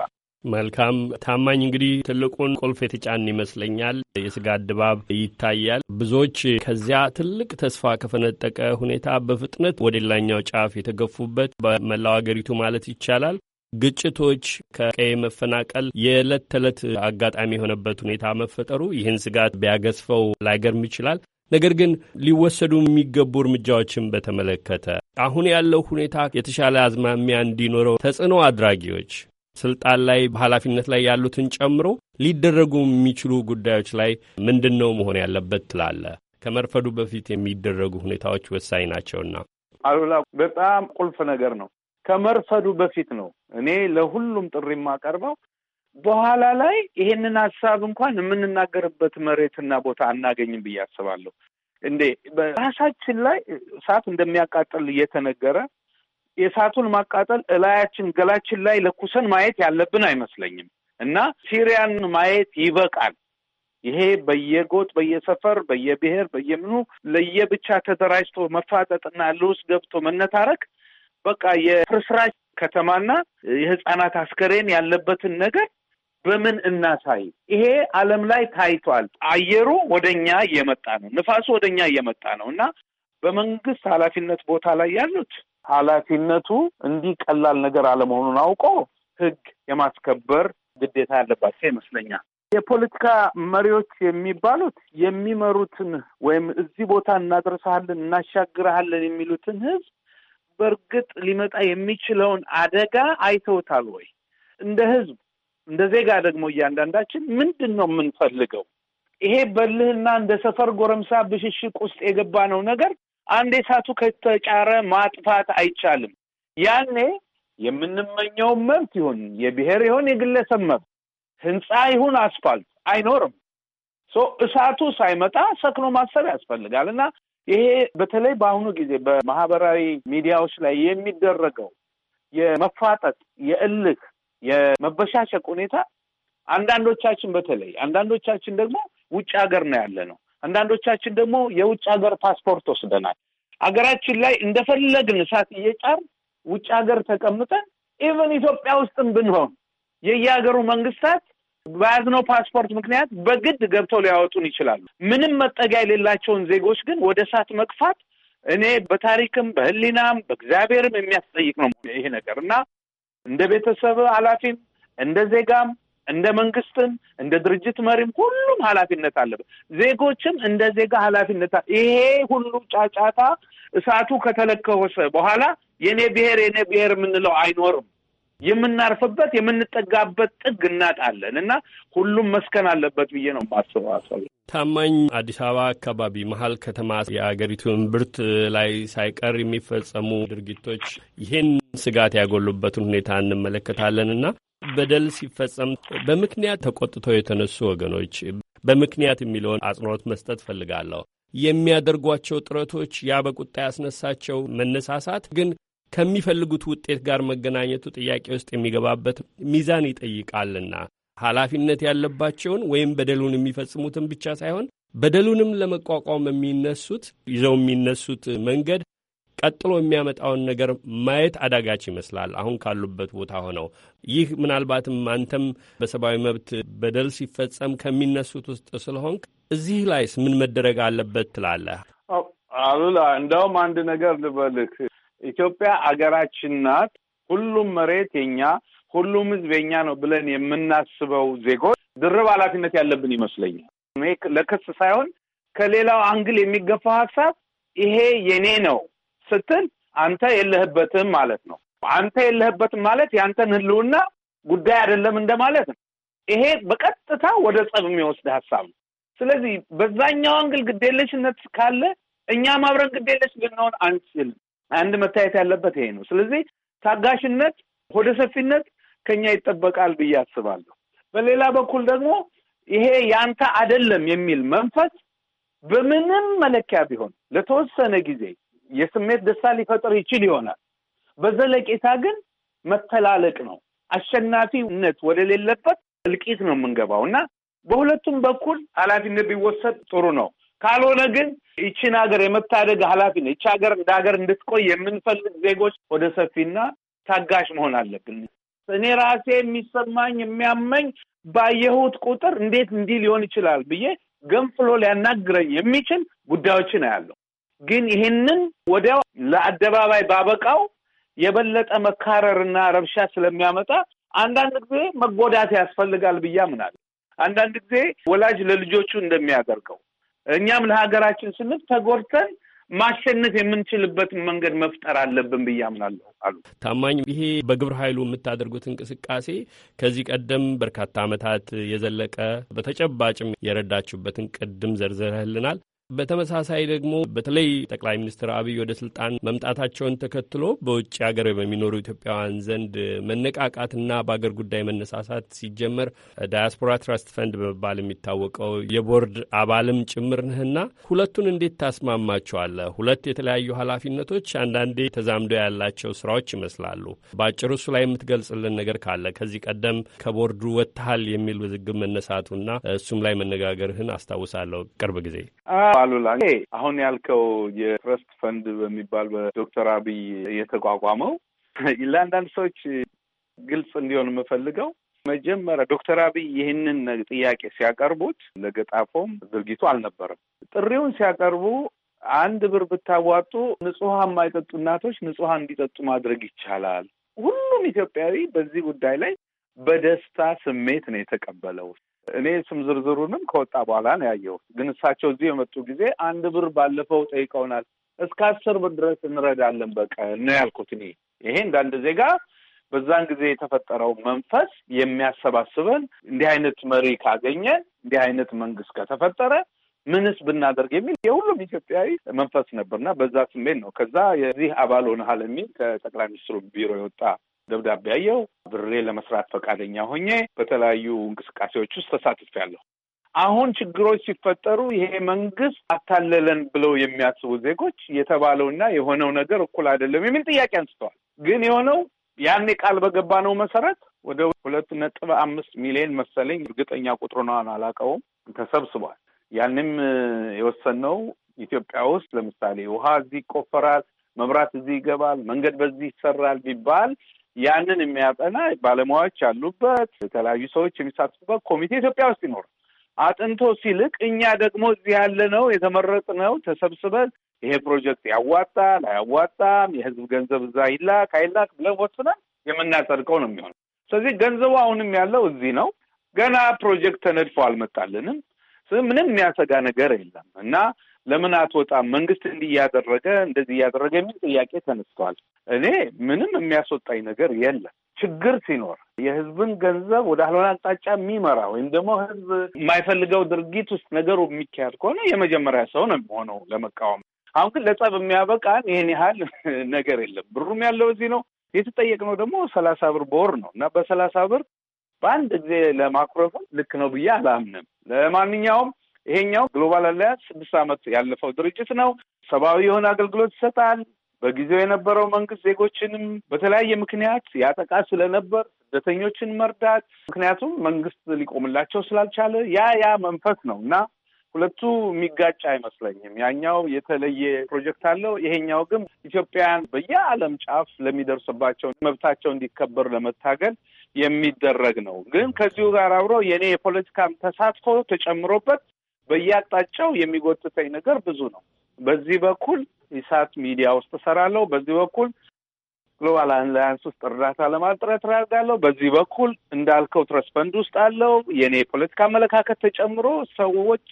መልካም ታማኝ፣ እንግዲህ ትልቁን ቁልፍ የተጫን ይመስለኛል። የስጋት ድባብ ይታያል። ብዙዎች ከዚያ ትልቅ ተስፋ ከፈነጠቀ ሁኔታ በፍጥነት ወደ ሌላኛው ጫፍ የተገፉበት በመላው አገሪቱ ማለት ይቻላል ግጭቶች፣ ከቀይ መፈናቀል የዕለት ተዕለት አጋጣሚ የሆነበት ሁኔታ መፈጠሩ ይህን ስጋት ቢያገዝፈው ላይገርም ይችላል። ነገር ግን ሊወሰዱ የሚገቡ እርምጃዎችን በተመለከተ አሁን ያለው ሁኔታ የተሻለ አዝማሚያ እንዲኖረው ተጽዕኖ አድራጊዎች ስልጣን ላይ በኃላፊነት ላይ ያሉትን ጨምሮ ሊደረጉ የሚችሉ ጉዳዮች ላይ ምንድን ነው መሆን ያለበት ትላለ? ከመርፈዱ በፊት የሚደረጉ ሁኔታዎች ወሳኝ ናቸውና። አሉላ በጣም ቁልፍ ነገር ነው። ከመርፈዱ በፊት ነው እኔ ለሁሉም ጥሪ የማቀርበው። በኋላ ላይ ይሄንን ሀሳብ እንኳን የምንናገርበት መሬትና ቦታ አናገኝም ብዬ አስባለሁ። እንዴ በራሳችን ላይ እሳት እንደሚያቃጥል እየተነገረ የእሳቱን ማቃጠል እላያችን ገላችን ላይ ለኩሰን ማየት ያለብን አይመስለኝም እና ሲሪያን ማየት ይበቃል። ይሄ በየጎጥ በየሰፈር በየብሔር በየምኑ ለየብቻ ተደራጅቶ መፋጠጥና ልውስ ገብቶ መነታረክ በቃ የፍርስራሽ ከተማና የህፃናት አስከሬን ያለበትን ነገር በምን እናሳይ? ይሄ ዓለም ላይ ታይቷል። አየሩ ወደኛ እየመጣ ነው። ንፋሱ ወደኛ እየመጣ ነው እና በመንግስት ኃላፊነት ቦታ ላይ ያሉት ኃላፊነቱ እንዲህ ቀላል ነገር አለመሆኑን አውቆ ህግ የማስከበር ግዴታ ያለባቸው ይመስለኛል። የፖለቲካ መሪዎች የሚባሉት የሚመሩትን ወይም እዚህ ቦታ እናደርሰሃለን፣ እናሻግረሃለን የሚሉትን ህዝብ በእርግጥ ሊመጣ የሚችለውን አደጋ አይተውታል ወይ? እንደ ህዝብ እንደ ዜጋ ደግሞ እያንዳንዳችን ምንድን ነው የምንፈልገው? ይሄ በልህና እንደ ሰፈር ጎረምሳ ብሽሽቅ ውስጥ የገባ ነው ነገር አንድ እሳቱ ከተጫረ ማጥፋት አይቻልም። ያኔ የምንመኘው መብት ይሁን የብሔር ይሁን የግለሰብ መብት፣ ህንፃ ይሁን አስፋልት አይኖርም። እሳቱ ሳይመጣ ሰክኖ ማሰብ ያስፈልጋል እና ይሄ በተለይ በአሁኑ ጊዜ በማህበራዊ ሚዲያዎች ላይ የሚደረገው የመፋጠጥ የእልክ የመበሻሸቅ ሁኔታ አንዳንዶቻችን በተለይ አንዳንዶቻችን ደግሞ ውጭ ሀገር ነው ያለ ነው አንዳንዶቻችን ደግሞ የውጭ ሀገር ፓስፖርት ወስደናል። ሀገራችን ላይ እንደፈለግን እሳት እየጫር ውጭ ሀገር ተቀምጠን ኢቨን ኢትዮጵያ ውስጥም ብንሆን የየሀገሩ መንግስታት በያዝነው ፓስፖርት ምክንያት በግድ ገብተው ሊያወጡን ይችላሉ። ምንም መጠጊያ የሌላቸውን ዜጎች ግን ወደ እሳት መግፋት እኔ በታሪክም በህሊናም በእግዚአብሔርም የሚያስጠይቅ ነው ይሄ ነገር እና እንደ ቤተሰብ ኃላፊም እንደ ዜጋም እንደ መንግስትም እንደ ድርጅት መሪም ሁሉም ኃላፊነት አለበት። ዜጎችም እንደ ዜጋ ኃላፊነት ይሄ ሁሉ ጫጫታ እሳቱ ከተለኮሰ በኋላ የኔ ብሔር የኔ ብሔር የምንለው አይኖርም። የምናርፍበት የምንጠጋበት ጥግ እናጣለን እና ሁሉም መስከን አለበት ብዬ ነው ማስበው። ታማኝ አዲስ አበባ አካባቢ መሀል ከተማ የአገሪቱን ብርት ላይ ሳይቀር የሚፈጸሙ ድርጊቶች ይህን ስጋት ያጎሉበትን ሁኔታ እንመለከታለን እና በደል ሲፈጸም በምክንያት ተቆጥተው የተነሱ ወገኖች በምክንያት የሚለውን አጽንኦት መስጠት ፈልጋለሁ። የሚያደርጓቸው ጥረቶች ያ በቁጣ ያስነሳቸው መነሳሳት ግን ከሚፈልጉት ውጤት ጋር መገናኘቱ ጥያቄ ውስጥ የሚገባበት ሚዛን ይጠይቃልና ኃላፊነት ያለባቸውን ወይም በደሉን የሚፈጽሙትን ብቻ ሳይሆን በደሉንም ለመቋቋም የሚነሱት ይዘው የሚነሱት መንገድ ቀጥሎ የሚያመጣውን ነገር ማየት አዳጋች ይመስላል አሁን ካሉበት ቦታ ሆነው። ይህ ምናልባትም አንተም በሰብአዊ መብት በደል ሲፈጸም ከሚነሱት ውስጥ ስለሆንክ እዚህ ላይስ ምን መደረግ አለበት ትላለህ? አሉላ እንደውም አንድ ነገር ልበልክ። ኢትዮጵያ አገራችን ናት። ሁሉም መሬት የኛ፣ ሁሉም ህዝብ የኛ ነው ብለን የምናስበው ዜጎች ድርብ ኃላፊነት ያለብን ይመስለኛል። ለክስ ሳይሆን ከሌላው አንግል የሚገፋው ሀሳብ ይሄ የኔ ነው ስትል አንተ የለህበትም ማለት ነው። አንተ የለህበትም ማለት የአንተን ህልውና ጉዳይ አይደለም እንደማለት ነው። ይሄ በቀጥታ ወደ ጸብ የሚወስድ ሀሳብ ነው። ስለዚህ በዛኛው አንግል ግዴለሽነት ካለ እኛም ማብረን ግዴለሽ ልንሆን አንችልም። አንድ መታየት ያለበት ይሄ ነው። ስለዚህ ታጋሽነት፣ ሆደ ሰፊነት ከኛ ይጠበቃል ብዬ አስባለሁ። በሌላ በኩል ደግሞ ይሄ ያንተ አይደለም የሚል መንፈስ በምንም መለኪያ ቢሆን ለተወሰነ ጊዜ የስሜት ደስታ ሊፈጥር ይችል ይሆናል። በዘለቄታ ግን መተላለቅ ነው፣ አሸናፊነት ወደሌለበት እልቂት ነው የምንገባው እና በሁለቱም በኩል ኃላፊነት ቢወሰድ ጥሩ ነው። ካልሆነ ግን ይችን ሀገር የመታደግ ኃላፊነት ይቺ ሀገር እንደ ሀገር እንድትቆይ የምንፈልግ ዜጎች ወደ ሰፊና ታጋሽ መሆን አለብን። እኔ ራሴ የሚሰማኝ የሚያመኝ ባየሁት ቁጥር እንዴት እንዲህ ሊሆን ይችላል ብዬ ገንፍሎ ሊያናግረኝ የሚችል ጉዳዮችን አያለሁ። ግን ይህንን ወዲያው ለአደባባይ ባበቃው የበለጠ መካረርና ረብሻ ስለሚያመጣ አንዳንድ ጊዜ መጎዳት ያስፈልጋል ብዬ አምናለሁ። አንዳንድ ጊዜ ወላጅ ለልጆቹ እንደሚያደርገው እኛም ለሀገራችን ስንል ተጎድተን ማሸነፍ የምንችልበትን መንገድ መፍጠር አለብን ብዬ አምናለሁ አሉ ታማኝ። ይሄ በግብረ ኃይሉ የምታደርጉት እንቅስቃሴ ከዚህ ቀደም በርካታ ዓመታት የዘለቀ በተጨባጭም የረዳችሁበትን ቅድም ዘርዝረህልናል። በተመሳሳይ ደግሞ በተለይ ጠቅላይ ሚኒስትር አብይ ወደ ስልጣን መምጣታቸውን ተከትሎ በውጭ ሀገር በሚኖሩ ኢትዮጵያውያን ዘንድ መነቃቃትና በአገር ጉዳይ መነሳሳት ሲጀመር ዳያስፖራ ትረስት ፈንድ በመባል የሚታወቀው የቦርድ አባልም ጭምር ነህና ሁለቱን እንዴት ታስማማቸዋለህ? ሁለት የተለያዩ ኃላፊነቶች አንዳንዴ ተዛምዶ ያላቸው ስራዎች ይመስላሉ። በአጭሩ እሱ ላይ የምትገልጽልን ነገር ካለ ከዚህ ቀደም ከቦርዱ ወጥተሃል የሚል ውዝግብ መነሳቱና እሱም ላይ መነጋገርህን አስታውሳለሁ ቅርብ ጊዜ አሉላ አሁን ያልከው የትረስት ፈንድ በሚባል በዶክተር አብይ የተቋቋመው ለአንዳንድ ሰዎች ግልጽ እንዲሆን የምፈልገው መጀመሪያ ዶክተር አብይ ይህንን ጥያቄ ሲያቀርቡት ለገጣፎም ድርጊቱ አልነበረም። ጥሪውን ሲያቀርቡ አንድ ብር ብታዋጡ ንጹህ የማይጠጡ እናቶች ንጹህ እንዲጠጡ ማድረግ ይቻላል። ሁሉም ኢትዮጵያዊ በዚህ ጉዳይ ላይ በደስታ ስሜት ነው የተቀበለው። እኔ ስም ዝርዝሩንም ከወጣ በኋላ ነው ያየው። ግን እሳቸው እዚህ የመጡ ጊዜ አንድ ብር ባለፈው ጠይቀውናል፣ እስከ አስር ብር ድረስ እንረዳለን በቃ ነው ያልኩት። እኔ ይሄ እንደ አንድ ዜጋ በዛን ጊዜ የተፈጠረው መንፈስ የሚያሰባስበን እንዲህ አይነት መሪ ካገኘ፣ እንዲህ አይነት መንግስት ከተፈጠረ ምንስ ብናደርግ የሚል የሁሉም ኢትዮጵያዊ መንፈስ ነበርና በዛ ስሜት ነው። ከዛ የዚህ አባል ሆነሃል የሚል ከጠቅላይ ሚኒስትሩ ቢሮ የወጣ ደብዳቤ ያየው ብሬ ለመስራት ፈቃደኛ ሆኜ በተለያዩ እንቅስቃሴዎች ውስጥ ተሳትፌያለሁ። አሁን ችግሮች ሲፈጠሩ ይሄ መንግስት አታለለን ብለው የሚያስቡ ዜጎች የተባለውና የሆነው ነገር እኩል አይደለም የሚል ጥያቄ አንስተዋል። ግን የሆነው ያኔ ቃል በገባ ነው መሰረት ወደ ሁለት ነጥብ አምስት ሚሊዮን መሰለኝ እርግጠኛ ቁጥሩን አላውቀውም ተሰብስቧል። ያንም የወሰንነው ኢትዮጵያ ውስጥ ለምሳሌ ውሃ እዚህ ይቆፈራል፣ መብራት እዚህ ይገባል፣ መንገድ በዚህ ይሰራል ቢባል ያንን የሚያጠና ባለሙያዎች ያሉበት የተለያዩ ሰዎች የሚሳተፉበት ኮሚቴ ኢትዮጵያ ውስጥ ይኖር አጥንቶ ሲልቅ እኛ ደግሞ እዚህ ያለነው ነው ተሰብስበን ይሄ ፕሮጀክት ያዋጣል አያዋጣም፣ የህዝብ ገንዘብ እዛ ይላክ አይላክ ብለን ወስነን የምናጸድቀው ነው የሚሆነው። ስለዚህ ገንዘቡ አሁንም ያለው እዚህ ነው። ገና ፕሮጀክት ተነድፎ አልመጣልንም። ምንም የሚያሰጋ ነገር የለም እና ለምን አትወጣም? መንግስት እንዲህ እያደረገ እንደዚህ እያደረገ የሚል ጥያቄ ተነስተዋል። እኔ ምንም የሚያስወጣኝ ነገር የለም። ችግር ሲኖር የህዝብን ገንዘብ ወደ አልሆነ አቅጣጫ የሚመራ ወይም ደግሞ ህዝብ የማይፈልገው ድርጊት ውስጥ ነገሩ የሚካሄድ ከሆነ የመጀመሪያ ሰው ነው የሚሆነው ለመቃወም። አሁን ግን ለጸብ የሚያበቃን ይህን ያህል [LAUGHS] ነገር የለም። ብሩም ያለው እዚህ ነው። የተጠየቅነው ደግሞ ሰላሳ ብር በወር ነው እና በሰላሳ ብር በአንድ ጊዜ ለማኩረፍም ልክ ነው ብዬ አላምንም። ለማንኛውም ይሄኛው ግሎባል አላያንስ ስድስት ዓመት ያለፈው ድርጅት ነው። ሰብአዊ የሆነ አገልግሎት ይሰጣል። በጊዜው የነበረው መንግስት ዜጎችንም በተለያየ ምክንያት ያጠቃ ስለነበር ስደተኞችን መርዳት ምክንያቱም መንግስት ሊቆምላቸው ስላልቻለ ያ ያ መንፈስ ነው እና ሁለቱ የሚጋጭ አይመስለኝም። ያኛው የተለየ ፕሮጀክት አለው። ይሄኛው ግን ኢትዮጵያውያን በየዓለም ጫፍ ለሚደርስባቸው መብታቸው እንዲከበር ለመታገል የሚደረግ ነው። ግን ከዚሁ ጋር አብሮ የኔ የፖለቲካም ተሳትፎ ተጨምሮበት በየአቅጣጫው የሚጎትተኝ ነገር ብዙ ነው። በዚህ በኩል ኢሳት ሚዲያ ውስጥ እሰራለሁ፣ በዚህ በኩል ግሎባል አላያንስ ውስጥ እርዳታ ለማጥረት ራጋለሁ፣ በዚህ በኩል እንዳልከው ትረስፈንድ ውስጥ አለው። የእኔ የፖለቲካ አመለካከት ተጨምሮ ሰዎች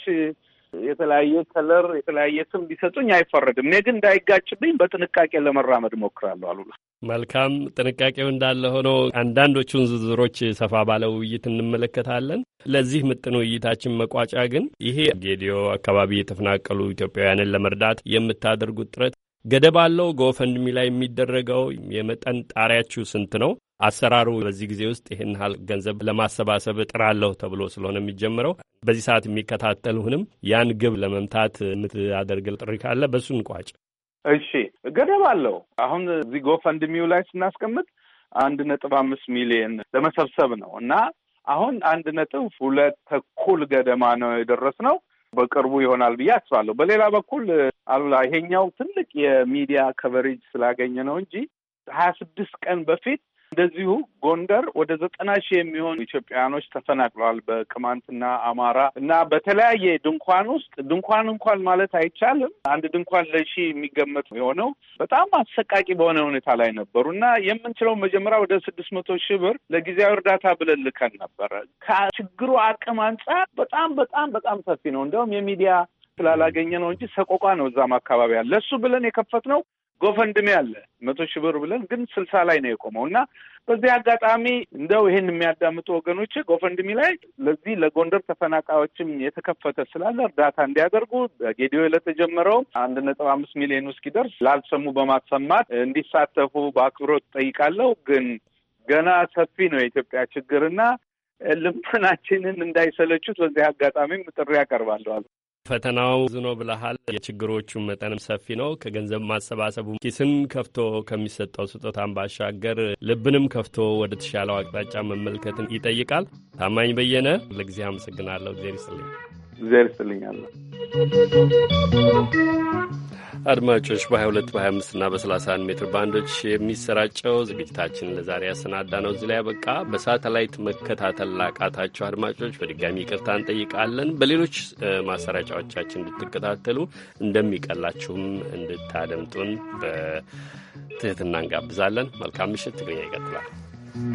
የተለያየ ከለር የተለያየ ስም ሊሰጡኝ አይፈረድም። እኔ ግን እንዳይጋጭብኝ በጥንቃቄ ለመራመድ ሞክራለሁ። አሉላ መልካም። ጥንቃቄው እንዳለ ሆኖ አንዳንዶቹን ዝርዝሮች ሰፋ ባለ ውይይት እንመለከታለን። ለዚህ ምጥን ውይይታችን መቋጫ ግን ይሄ ጌዲዮ አካባቢ የተፈናቀሉ ኢትዮጵያውያንን ለመርዳት የምታደርጉት ጥረት ገደብ አለው? ጎፈንድሚ ላይ የሚደረገው የመጠን ጣሪያችሁ ስንት ነው? አሰራሩ በዚህ ጊዜ ውስጥ ይህን ያህል ገንዘብ ለማሰባሰብ እጥራለሁ ተብሎ ስለሆነ የሚጀምረው በዚህ ሰዓት የሚከታተሉህንም ያን ግብ ለመምታት የምታደርገው ጥሪ ካለ በሱ እንቋጭ። እሺ፣ ገደብ አለው። አሁን እዚህ ጎፈንድሚው ላይ ስናስቀምጥ አንድ ነጥብ አምስት ሚሊየን ለመሰብሰብ ነው እና አሁን አንድ ነጥብ ሁለት ተኩል ገደማ ነው የደረስነው። በቅርቡ ይሆናል ብዬ አስባለሁ። በሌላ በኩል አሉላ ይሄኛው ትልቅ የሚዲያ ከቨሬጅ ስላገኘ ነው እንጂ ሀያ ስድስት ቀን በፊት እንደዚሁ ጎንደር ወደ ዘጠና ሺህ የሚሆኑ ኢትዮጵያውያኖች ተፈናቅለዋል። በቅማንትና አማራ እና በተለያየ ድንኳን ውስጥ ድንኳን እንኳን ማለት አይቻልም። አንድ ድንኳን ለሺ የሚገመት የሆነው በጣም አሰቃቂ በሆነ ሁኔታ ላይ ነበሩ እና የምንችለው መጀመሪያ ወደ ስድስት መቶ ሺህ ብር ለጊዜያዊ እርዳታ ብለን ልከን ነበረ። ከችግሩ አቅም አንጻር በጣም በጣም በጣም ሰፊ ነው። እንዲያውም የሚዲያ ስላላገኘ ነው እንጂ ሰቆቋ ነው እዛም አካባቢ ያለ። እሱ ብለን ነው ጎፈንድሜ አለ መቶ ሺህ ብር ብለን ግን ስልሳ ላይ ነው የቆመው እና በዚህ አጋጣሚ እንደው ይህን የሚያዳምጡ ወገኖች ጎፈንድሚ ላይ ለዚህ ለጎንደር ተፈናቃዮችም የተከፈተ ስላለ እርዳታ እንዲያደርጉ በጌዲዮ ለተጀመረው አንድ ነጥብ አምስት ሚሊዮን እስኪደርስ ላልሰሙ በማሰማት እንዲሳተፉ በአክብሮት ጠይቃለሁ። ግን ገና ሰፊ ነው የኢትዮጵያ ችግርና ልመናችንን እንዳይሰለቹት በዚህ አጋጣሚም ጥሪ ያቀርባለሁ። ፈተናው ዝኖ ብለሃል። የችግሮቹ መጠንም ሰፊ ነው። ከገንዘብ ማሰባሰቡ ኪስን ከፍቶ ከሚሰጠው ስጦታን ባሻገር ልብንም ከፍቶ ወደ ተሻለው አቅጣጫ መመልከትን ይጠይቃል። ታማኝ በየነ ለጊዜ አመሰግናለሁ። እግዜር ይስጥልኝ። እግዜር ይስጥልኛለሁ። አድማጮች በ22 በ25 እና በ31 ሜትር ባንዶች የሚሰራጨው ዝግጅታችን ለዛሬ ያሰናዳ ነው እዚህ ላይ ያበቃ። በሳተላይት መከታተል ላቃታቸው አድማጮች በድጋሚ ይቅርታ እንጠይቃለን። በሌሎች ማሰራጫዎቻችን እንድትከታተሉ እንደሚቀላችሁም እንድታደምጡን በትህትና እንጋብዛለን። መልካም ምሽት። ትግርኛ ይቀጥላል።